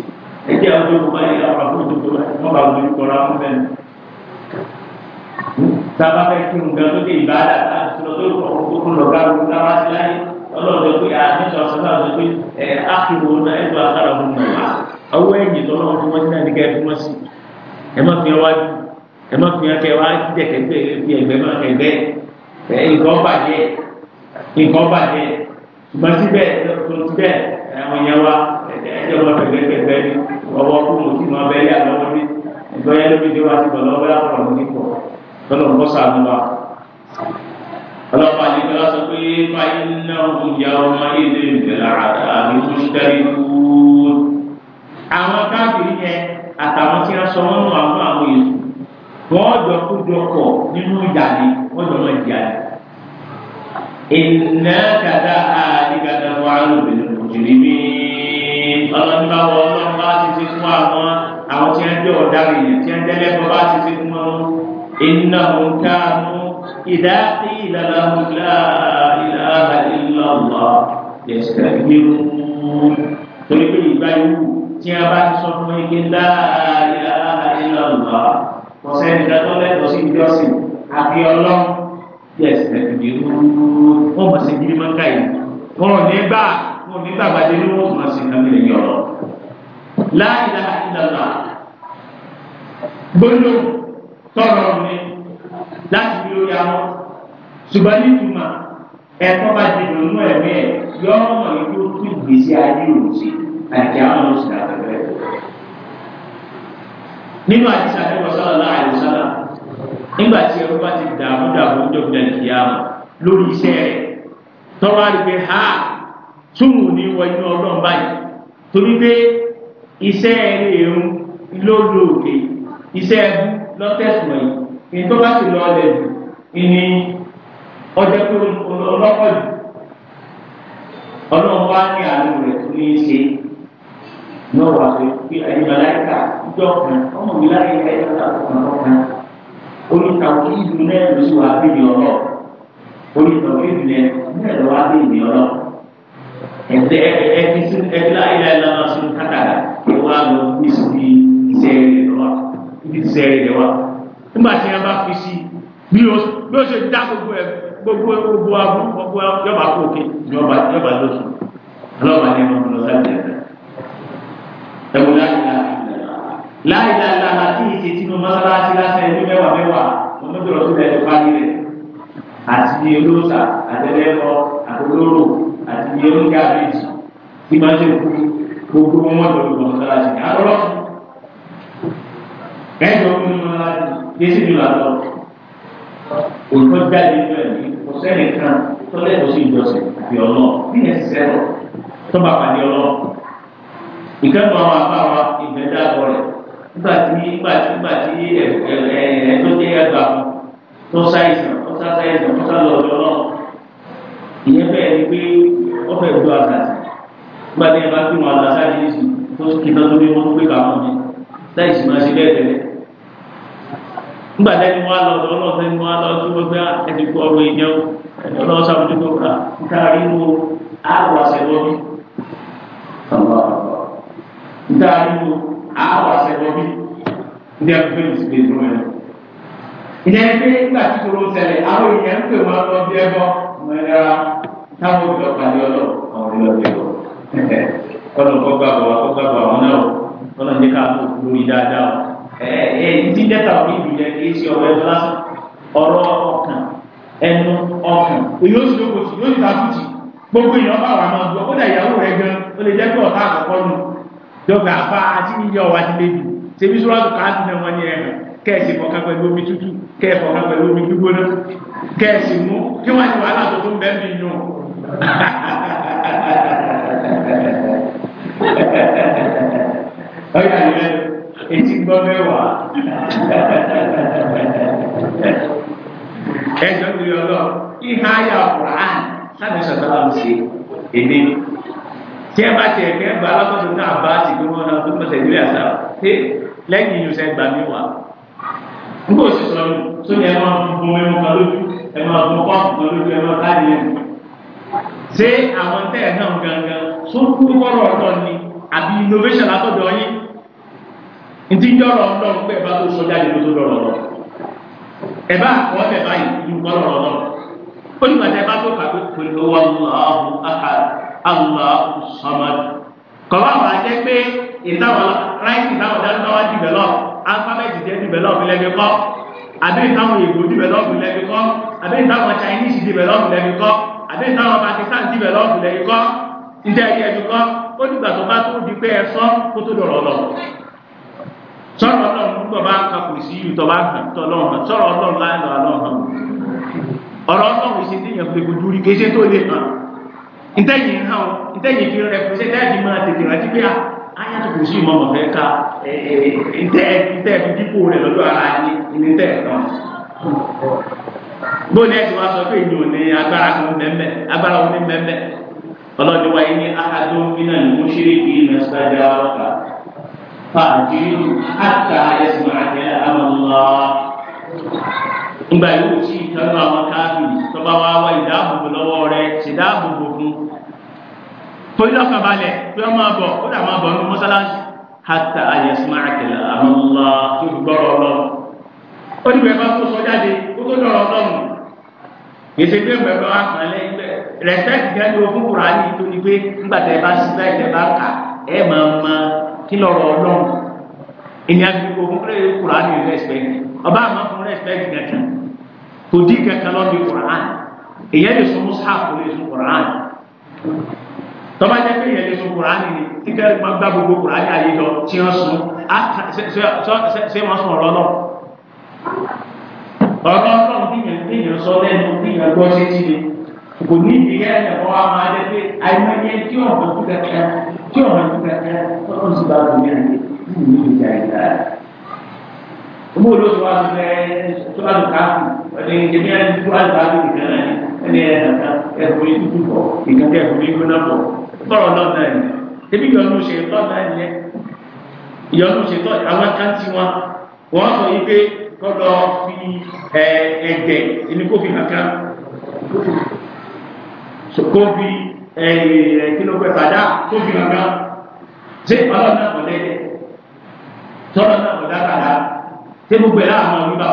ẹjẹ́ ọdún ọgbà yìí àwọn àbúrò tó gbọ́dọ̀ wọ́n bá wọlé kọ́ra fún bẹ́ẹ̀ sábà fẹ́ kí nǹkan tó dé ìbáàdà láti lọ tó lọ kó kó lọ gáwó gáwá sí láyé ọlọ́dọ̀ pé àtúntò ọ̀sán náà sọ pé ẹ ákìlò náà ẹ̀dùn àkàrà ọ̀hún náà owó ẹ̀yìn tó lọ́wọ́ fún wọn náà ní ká ẹ̀fún wọn sí ẹ má fi wá ẹ má fi kẹ wá jẹ̀kẹ́ gbé ẹgbẹ́ má kẹgbẹ́ nǹkan bàjẹ́ nǹkan bàjẹ́ ṣùgbọ́n síbẹ̀ tó síbẹ̀ àwọn yẹn wá ẹ̀jẹ̀ wọn pẹ̀lẹ́pẹ̀lẹ́ ní ọwọ́ kú mo sì máa bẹ́ẹ̀ yà lọ́wọ́ ní ìgbọ́yẹ́ lóbi dé wá sí bọ̀ lọ́wọ́ yà pọ̀ ní pọ̀ tọ́lọ̀ ń bọ́ sàánú wa. ọlọ́pàá yìí lọ́wọ́ sọ pé fáyé náà ń ya ọmọ ilé ìgbẹ̀lá àtàlù tó ń darí kúrú. àwọn káàkiri yẹn àtàwọn tí wọ́n sọ wọ́n nù àwọn àwọn èso wọ́n jọ kó jọ pọ̀ nínú ìyá ni wọ́n jọ máa jìyà ni iná kàdá àdìgàdà wàhálù bẹ̀rẹ̀ òjìrì mi ọlọ́ni bá wọ ọlọ́run bá ti fi fún àwọn àwọn tí wọ́n jẹ́ ọ̀daràn yẹn tí wọ́n tẹ́lẹ̀ bọ́ bá ti fi fún wọn iná òun káàánú ìdá ìlànà òkúlá ìlànà ìlànà yẹsẹ̀ gbẹ̀rù torí pé ìgbà yòówù tí a bá ti sọ fún ike láàyè àlàyé lọ́nà kọ̀sẹ́ ìdádọ́lẹ́tọ̀ sí ìjọsìn àfi ọlọ́run yes ẹ̀ẹ́dì wọ́n mọ̀ sí gidi máa ń ká yìí wọ́n ò ní gbà wọ́n ò ní gbà gbàdé ní wọ́n mọ̀ sí nàmìlẹ̀ yìí ọ̀rọ̀ láì láì lọ́la gbọ́dọ̀ tọrọ ni láti fi lórí àwọn ṣùgbọ́n nítumọ̀ ẹ̀kọ́ bá di lòlú ẹ̀mí ẹ̀ yọ ọmọ ìlú tó gbèsè ayé òsì àti àwọn oṣù àtàkùrẹ́ nínú àti sàkẹ́wọ̀ sálọ̀ láàrin sálọ̀ nígbà tí ẹrú bá ti dààmú dààmú dọ̀gbìnà kìá lórí iṣẹ́ rẹ̀ tọ́wọ́ àdìgbẹ́ ha túmù ní wọ inú ọlọ́run báyìí torí pé iṣẹ́ ẹ̀rù ló lo òkè iṣẹ́ ẹ̀rù lọ́tẹ̀sùn ẹ̀yìn ìtọ́ bá ti lọ ọlẹ̀ jù ìní ọjọ́ pé ọlọ́pọ̀ jù ọlọ́run wá ní àánú rẹ̀ tó ní í ṣe náà wà pé ayélujára ìka ìjọ kan ọmọ mi láyé ẹ̀ka ìjọba kan ọkàn onítàwọn ìlú náà ló sì wá bí ní ọlọ onítàwọn ìlú náà ló wá bí ní ọlọ ẹsẹ ẹbí sí ẹbí láyé láyé lọ́wọ́ sí kátàkà ló wá lọ bí sí iṣẹ́ rẹ̀ lọ́wọ́ ibi iṣẹ́ rẹ̀ wá nígbà tí wọn bá fi sí bí o bí o ṣe dá gbogbo ẹ gbogbo gbogbo abu gbogbo yọba kó òkè yọba yọba lóṣù ọlọ́ba ní ọmọ ọmọ lọ́sàdìyẹ ẹ̀ wọ́n láyé láyé láyé láyé láyé láyé nínú mọ́sálásí lásán ẹni mẹ́wàá mẹ́wàá wọn mú jọ̀rọ̀ sílẹ̀ tó bá nílẹ̀ àti olóòsà àtẹlẹ́mọ àtolóró àti oúnjẹ àbíyèsí tí máa ń ṣe kú gbogbo wọn lọ lọ mọ́sálásí ní àlọ́ kẹ́jọ fún mọ́sálásí yéésì ní làlọ́ òótọ́ jáde nínú ẹ̀mí ọ̀sẹ́ni kan tọ́lẹ̀ tó sì jọsìn àti ọlọ́ bí ẹ̀ ṣiṣẹ́ lọ tọ́ba pàdé ọlọ́ ìkẹ́kọ̀ọ́ àwọn àbáwá ìgbẹ́dá àbọ̀ rẹ̀ nígbà tí nígbà tí nígbà tí ẹ ẹ ẹ tó jẹ́ ẹgbà tó ṣàìsàn tó ṣàṣàìsàn tó ṣàlọ́ọ̀dọ́ náà ìyẹn bẹ́ẹ̀ ni pé wọ́n fẹ́ gbọ́ àgàtì nígbà tí ẹ bá kí wọn àgbà sáré nísìn tó kí tán tó ní wọn pé káwọn mi láì sì máa ṣe bẹ́ẹ̀ tẹ́lẹ̀ nígbà tẹ́ni wọn lọ ọlọ́ọ̀ tẹ́ni wọn lọ tó wọ́n fẹ́ ẹni kú ọ̀rọ̀ ìyẹn o ọlọ́ọ̀ sàmójútó àwọn àṣẹwọ́ bí ní ẹgbẹ́ ìsìnkú ìlú rẹ̀. ìyẹn pé nígbà tí koro ṣẹlẹ̀ àwọn èèyàn ń pè wọn lọ bí ẹbọ mẹ́rẹ́ra táwọn òbí ọ̀pàdé ọlọ́ àwọn ìlú ọ̀bẹ lọ. kọ́nà kọ́ gbàgbọ́ wa kọ́ gbàgbọ́ àwọn náà kọ́nà ní ká kó lórí dáadáa. ẹ ẹ ti dẹ́ta òbí ìlú yẹn kì í ṣe ọ̀rọ̀ ẹ̀dọ́ lásán ọ̀rọ̀ ọkàn ẹnu ọkàn èyí ó sì lóko sí yóò ti ta kùtì gbogbo èèyàn bá wà máa gbọ́ kódà ìyàwó rẹ̀ gan ó lè jẹ́ pé ọ̀tá àkọ́kọ́ nù dọ́gba afa àtìníyẹ ọ̀wá ti lé bi ṣebí sọ́ra tó ká dùn wọn ní ẹ̀rọ kẹ́ẹ̀sì fọ̀ọ́ká pẹ̀lú omi tútù kẹ́ẹ̀sì fọ̀ọ́ká pẹ̀lú omi gbígbóná kẹ́ẹ̀sì mú kí wọ́n ti wàhálà tó tó ń bẹ́ẹ̀ bí nù. ọ̀yà yẹn etí gbọ́ mẹ́wàá ẹ̀jọ̀ nílò ọlọ́ ìhà ayà ọ̀rọ̀ àn sábẹ́ sọ̀tọ́ láwọn ṣe èdè tí ẹ bá tiẹ̀ kẹ́ bá alákọ̀ọ́dún náà bá ti gbé wọn náà tó mọ̀ sẹ́yìn lẹ́yìn àṣà pé lẹ́yìn yìí ṣe gbà mí wá. n kò sì sọ̀rọ̀ sóni ẹ máa bu ẹmu kan lójú ẹ máa bu pọ́ǹpù kan lójú ẹ máa káàdì ẹ̀. ṣé àwọn tẹ́ ẹ̀ náà gangan tó kú kọ́rọ̀ ọ̀tọ̀ ni àbí innovation látọ̀dọ̀ yín ntí jọ̀rọ̀ ọ̀tọ̀ pé bá tó sọjá lè tó lọ̀rọ̀ lọ. ẹ bá kọ́ ọ̀tẹ̀ báyìí ju kọ́rọ̀ ọ̀tọ̀ Allahu Samad kọ̀wá wà á jẹ́ pé ìtawọ̀ ráìtì táwọn dáńtọ́ wá dìbẹ̀lọ́ alifábẹ́ẹ̀tì jẹ́ dìbẹ̀lọ́ ìlẹ́gbẹ̀ kọ́ àbí ìtawọ̀ ègbò dìbẹ̀lọ́ ìlẹ́gbẹ̀ kọ́ àbí ìtawọ̀ Chinese dìbẹ̀lọ́ ìlẹ́gbẹ̀ kọ́ àbí ìtawọ̀ Pakistan dìbẹ̀lọ́ ìlẹ́gbẹ̀ kọ́ ǹjẹ́ ẹ̀yẹ́ ẹ̀dùn kọ́ ó dìgbà tó bá tó di pé ẹ sọ kó tó dọ̀rọ̀ lọ sọ̀rọ̀ ọlọ́run nígbà bá ń kakò sí yìí tọ́ bá ń kàn tọ́ lọ́hàn sọ̀rọ̀ ọlọ́run láì lọ́ àlọ́ hàn ọ̀rọ̀ ọlọ́run ìṣe tí èèyàn fi gbójú rí tó lè hàn ntẹ́yìn hàn ọ́ ntẹ́yìn fi rẹpùsẹ̀ tẹ́yìn máa tètè rántí pé ah, ayé àti kùsì mọ́ mọ̀ fẹ́ ka ntẹ́ fi dípò rẹ̀ lọ́dọ̀ ara yín ní ntẹ́ kan. bóyá ẹ̀sìn wa sọ pé èyí ò ní agbára kan mẹ́mẹ́ agbára òní mẹ́mẹ́ ọlọ́dún wa ní ahadu iná ní mo ṣeré kí iná sájà ọ̀kà fàájì àtà ẹ̀sìn àjẹ́ àmàlá. nígbà yóò tí ìtọ́jú àwọn káàkiri tọ́ba wa wá ìdáàbòbò lọ́wọ́ rẹ̀ ṣèdáàbòbò fún torí lọ́kàn balẹ̀ pé wọ́n máa bọ̀ kódà máa bo nínú mọ́sálásí hàtà àyẹ̀sùmá àkẹlẹ̀ àmọ́lá tó fi gbọ́rọ̀ la ó ní bẹ̀rẹ̀ bá tó sọ jáde ó tó dọ̀rọ̀ ọlọ́run èsì pé bẹ̀rẹ̀ bá wà kàn respect ọba àmọ́ fún rẹ́spẹ́tì kankan kò dín kankan lọ́bi kùrán èyàn lè sọ mùsàf kò lè sọ kùrán tọ́ba jẹ́ pé èyàn lè sọ kùrán ni tí kẹ́rì máa gbá gbogbo kùrán ayé lọ tí wọ́n sùn ṣé wọ́n sùn ọ̀rọ̀ náà ọ̀rọ̀ ọlọ́run bí yẹn bí yẹn sọ lẹ́nu bí yẹn gbọ́ sí ti ni kò ní ìdíyẹ ẹ̀kọ́ wa máa dé pé àìmọye tí ọ̀hún kú kẹ̀kẹ́ tí ọ̀hún kú kẹ̀kẹ́ tó mo lo tó wá sí ẹ tó wá sí káàkiri ẹni ẹni ẹni tó wá sí káàkiri nìkan náà ẹni ẹ nàka ẹkùn yìí tútù bọ nìkan tẹ ẹkùn yìí gbóná bọ tọrọ náà náà yẹn ebi yọnu ṣe tọ náà yẹn yọnu ṣe tọ àwọn kántì wọn wọn sọ yìí pé kọlọ fi ẹ ẹgbẹ ẹni kó fi hàkà kó fi ẹ ẹ kí ló pẹ padà kó fi hàkà ṣé ọlọ́ọ̀nà kọ̀ọ̀lẹ́ ṣé gbogbo ẹ̀ láàmú ọdún bá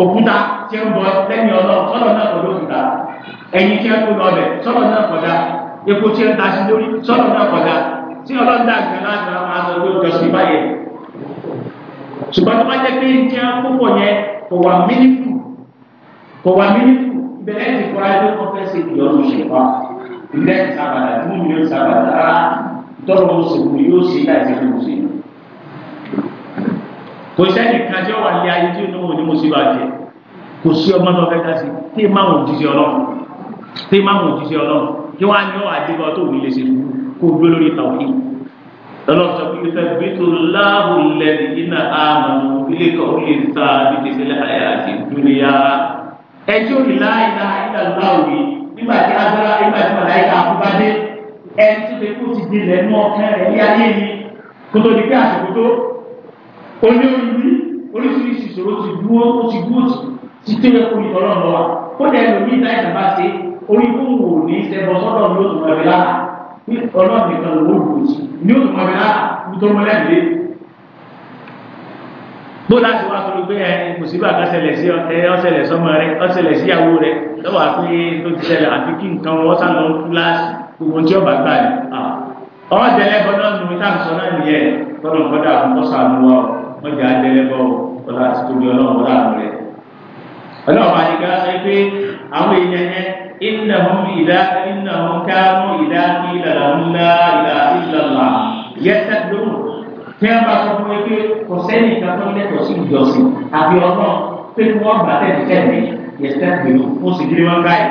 òkúta tí ń bọ lẹ́yìn ọlọ́run sọ́dọ̀ náà kọ́ lókùtà ẹ̀yìn tí ń kó lọ bẹ̀ sọ́dọ̀ náà kọjá epo tí ń ta sí lórí sọ́dọ̀ náà kọjá tí ọlọ́run dà gbẹ láti máa lọ lórí ọ̀sìn báyẹn ṣùgbọ́n tó bá jẹ́ pé tí ń púpọ̀ yẹn kò wà mílíkù kò wà mílíkù bẹ́ẹ̀ ti kọ́ ayé kọ́ fẹ́ ṣe ìyọnu kò sẹ́ni kan tí ó wà lé ayé tí ó ní mo sì bá jẹ kò sí ọmọ náà fẹ́ dá sí tí má wọn jíṣẹ́ ọlọ́run tí má wọn jíṣẹ́ ọlọ́run kí wọ́n á ní ọ̀hà débọ̀ tó wù lè ṣe kó dúró lórí tàwọn yìí lọ́nà sọ pé fẹ́ bí tó láàbù lẹ́nu iná àmọ́ ilé kan ó lè ta ní tẹ̀sílẹ̀ àyà àti dúnìyà ẹjọ́ ìlànà ìlànà òwe nígbà tí agbára nígbà tí màláìka àkúbádé ẹ ti fẹ́ kó ti di lẹ́nu ọ̀kẹ́ rẹ̀ ní ayé oní orí oríṣiríṣi ìṣòro ti dúró ó ti dúró ti tó yẹ kó ní ọlọ́run wa ó dẹ̀ lò ní ìdáyà bá ṣe orí fóun ò ní sẹ́bọ̀ sọ́dọ̀ ní oṣù kọ̀ọ̀lá ní ọlọ́run nìkan ló wò sí ní oṣù kọ̀ọ̀lá nítorí wọn lẹ́nu lé. bó láti wá sọ pé mùsíbà kan ṣẹlẹ̀ sí ẹ ọ̀ṣẹlẹ̀ sọmọ rẹ ọ̀ṣẹlẹ̀ síyàwó rẹ lọ́wọ́ àfi tó ti ṣẹlẹ̀ àfi kí nǹkan wọn sá lọ kíláàsì gbogbo tí ọba gbà ní. ọ̀ọ́ tẹ̀lé bọ́dọ̀ nù mọ̀jà àdẹ́lẹ́bọ̀ ọ̀la àti tóbi ọlọ́run ọ̀la àrùn rẹ̀. ọlọ́run àyíká ẹ pé àwọn èèyàn yẹn ìnáhùn ìdá ìnáhùn káàmù ìdá kí ìlàlàmúlá ìlà ìlàlà yẹtẹ lóhùn tí wọn bá sọ fún mi pé kò sẹ́ni kan tó lẹ́tọ̀ọ́ sí ìjọsìn àbí ọlọ́run pé wọ́n gbà tẹ̀síkẹ́ni yẹtẹ lóhùn ó sì kiri wọn káyì.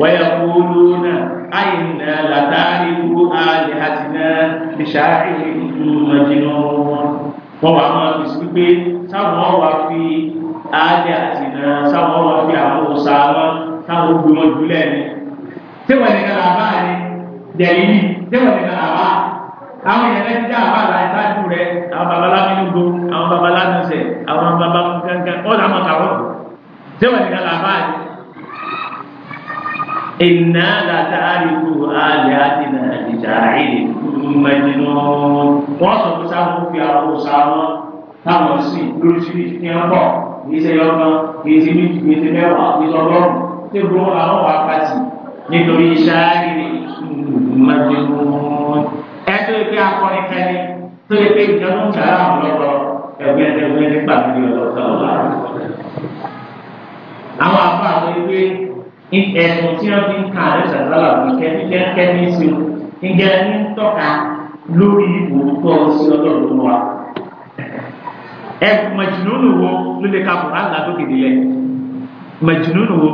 ويقولون أئنا لتاركو آلهتنا لشاعر مجنون wọ́n wá máa fi sí pé sáwọn wá fi áádẹ́ àti iná sáwọn wá fi àwọn ọ̀sà wọn sáwọn gbé wọn jùlẹ̀ ni tẹ́wọ̀n nìkan làbá ni dẹ̀yìnì tẹ́wọ̀n nìkan làbá àwọn èèyàn lẹ́yìn dá àbá àlàyé sáájú rẹ̀ àwọn babaláwo ní gbó àwọn babaláwo ní sẹ̀ àwọn babaláwo kankan ọ̀dà àwọn kàwọ́ tẹ́wọ̀n nìkan làbá ni iná làtà àríkù àlẹ́ àdínà ìjà àìlè mẹ́jìnà wọ́n sọ fún sáwọn fi àwọn sáwọn táwọn sì lóríṣiríṣi ní ọkọ̀ kì í ṣe yọkan kì í ṣe méjì kì í ṣe mẹ́wàá kì í ṣe ọlọ́run tí gbogbo àwọn wà pàtì nítorí iṣẹ́ àìlè mẹ́jìnà ẹjọ́ ìpè akọrin kẹ́ni tó lè pé ìjọba ń gbà láwọn lọ́dọ̀ ẹgbẹ́ ẹgbẹ́ nípa mílíọ̀nù ọ̀sán ọ̀la. àwọn àbá àwọn ìwé ẹnu tí wọn fi ń kan àrẹ sàtàlà òkè kẹ́kẹ́ ní sí o nígbà ní tọ́ka lórí òótọ́ sí ọlọ́run wa. ẹ màjìnnú wo ló lè ka kùrán ńlá tó kéde lẹ màjìnnú wo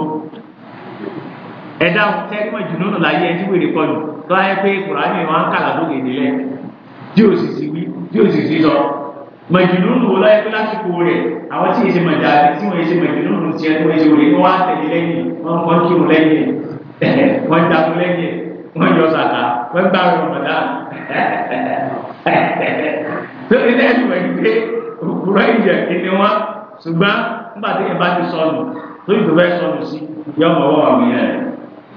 ẹ dáhùn sẹ́yìn màjìnnú nù láyé ẹ tí wèrè kọlù tó ayé pé kùrán ní wọn kàlà tó kéde lẹ tí o sì sí wí tí o sì sí sọ màjìlúnù lọ́yẹ́ pé lásìkò rẹ̀ àwọn tí èsè màjàlú tí wọ́n èsè màjìlúnù tiẹ̀ tó èsè òrè wọ́n á tẹ̀lé lẹ́yìn wọ́n kọ́ kírun lẹ́yìn wọ́n jagun lẹ́yìn wọ́n yọ sàkà wọ́n gbà rọ̀mọ̀dá. lórí ilé ẹ̀sùn ẹ̀yìn pé òkúrọ̀ ìjẹ̀ kìíní wọn ṣùgbọ́n nígbà tí ìbá ti sọnù tó ìdò fẹ́ sọnù sí yọmọ̀wọ́ àmì náà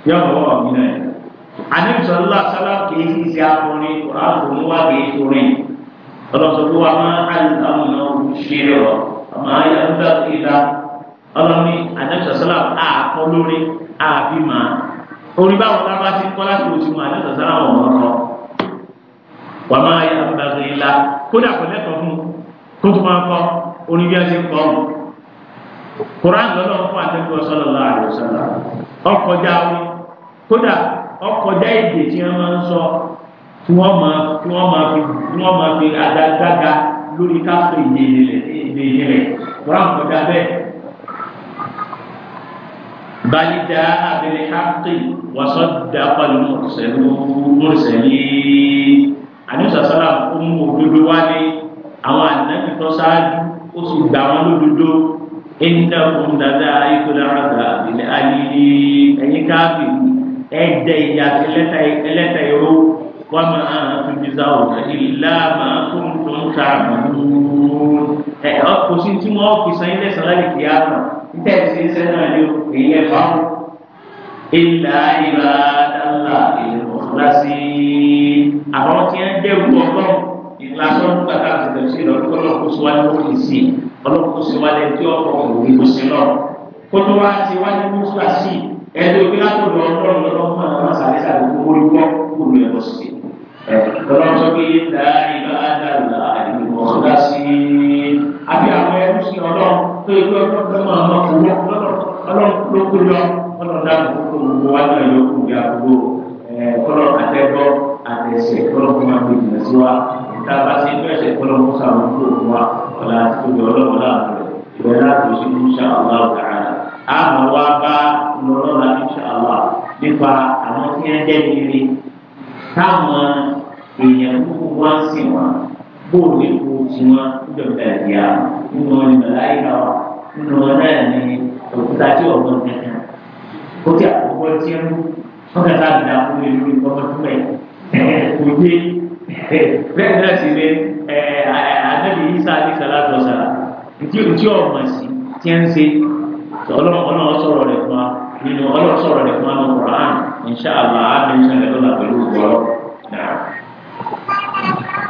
yọmọ̀wọ́ àmì náà ọlọ́sọ̀tún ah, ah, oh, wa máa àlùmọ́ ṣeré ọ ọmọ ayé ọ̀dọ́ ìdá ọlọ́ni àdẹ́sọ̀sọ́lá àkọ́ lórí àbí màá orí báwọn lábá ti kọ́ láti oṣù mọ́ àdẹ́sọ̀sọ́lá wọn ọ̀rọ̀ wà máa ayé ọ̀dọ́ ìdá kódà kò lẹ́tọ̀ọ́ fún kó tó máa kọ́ orí bí a ti kọ́ ọ́ kuran lọ́nà fún àtẹ́kọ̀ọ́ sallallahu alaihi wasallam ọkọjá orí kódà ọkọjá èdè tí wọ́n máa ń sọ tí wọ́n máa tí wọ́n máa fi tí wọ́n máa fi adágbága lórí káfí ìdèyìn rẹ̀ wọ́n kọjá bẹ́ẹ̀. balida abẹlẹ haqi wàsọ dàpọlù mọsẹlú mọsẹlí àníṣàṣàlà ọmọ òdodo wálé àwọn ànábì tó ṣáájú ó sì gbà wọn lódodo ẹnìdá fún dada ayíkọlá àgbà ilẹ ayé ẹyìn káfí ẹdẹ ìyá ẹlẹta ẹlẹta ìró wọ́n máa tún ti sá òun ìlà máa tún tó ń ta àmàlùmọ́. ẹ ọ kò sí tí wọ́n fi san ilé sàn láti fi àtọ̀ níta ẹ̀sìn iṣẹ́ náà ni èyí ẹ̀ fà ó. ìlà ìlà dàlà ìlọ̀kọ̀láṣí àwọn tí wọ́n dẹ̀rù ọgbọ́n ìlà sọ́dún kàkà àtẹ̀tẹ̀ sí ìlọ́dún ọlọ́kùnrin síwájú ó lè sí ọlọ́kùnrin síwájú tí ọkọ̀ òwúrọ̀ kò sí náà kótó wa ti wá ní mọ́ṣáláṣí ẹ̀ẹ́dẹ́gbẹ́ látọ̀dọ̀ ọlọ́run lọ́wọ́ máa ń sàlẹ̀ sàlẹ̀ owó ìwọ́ kúrò ẹ̀rọ sí i. Ọlọ́run sọ pé dá ìlú Ádàlá ìmọ̀ọ́dá sí àbí àwọn ẹrú sí ọlọ́run tó ikú ẹ̀kọ́ tó máa ma owó ọlọ́run ló kó yọ ọlọ́run dá gbogbo gbogbo wa náà yọ kó bí àgbo kọ́lọ́ àtẹ́gbọ́ àtẹ̀sẹ̀ kọ́lọ́ kó máa gbé jìnnà sí wa tá a bá ṣe inú ẹ̀sẹ̀ kọ́lọ́ kó sàrò kó fún wa ọ̀la àti kó ọlọ́run láàbẹ̀ ìwé láti oṣù táwọn èèyàn gbogbo wá sí wọn bóòlù epo tiwọn níjọba ìyá nínú ọ̀nà ìmọ̀láyà wa nínú ọ̀nà ẹ̀mí òkúta tí ọ̀gbọ́n kankan ó ti àkọ́kọ́ tí ń wọ́n kàtà àgbà fún ìlú ìkọ́kọ́ tó bẹ̀ kò dé bẹ́ẹ̀ náà sì ni àdébí isa àti sàlátọ̀ sàlá tí ọ̀mọ̀ sí tí ń ṣe ọlọ́run sọ̀rọ̀ rẹ̀ fún wa nínú ọlọ́run sọ̀rọ̀ rẹ̀ fún wa ní Kùránì. ان شاء الله inshallah amin inshallah بالوضوء نعم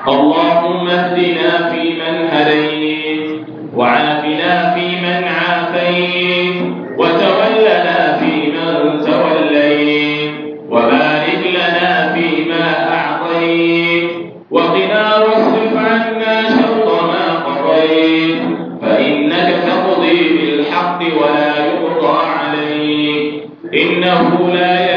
اللهم اهدنا فيمن هديت وعافنا فيمن عافيت وتولنا فيمن توليت وبارك لنا فيما اعطيت وقنا واصرف عنا شر ما قضيت فانك تقضي بالحق ولا يقضى عليك انه لا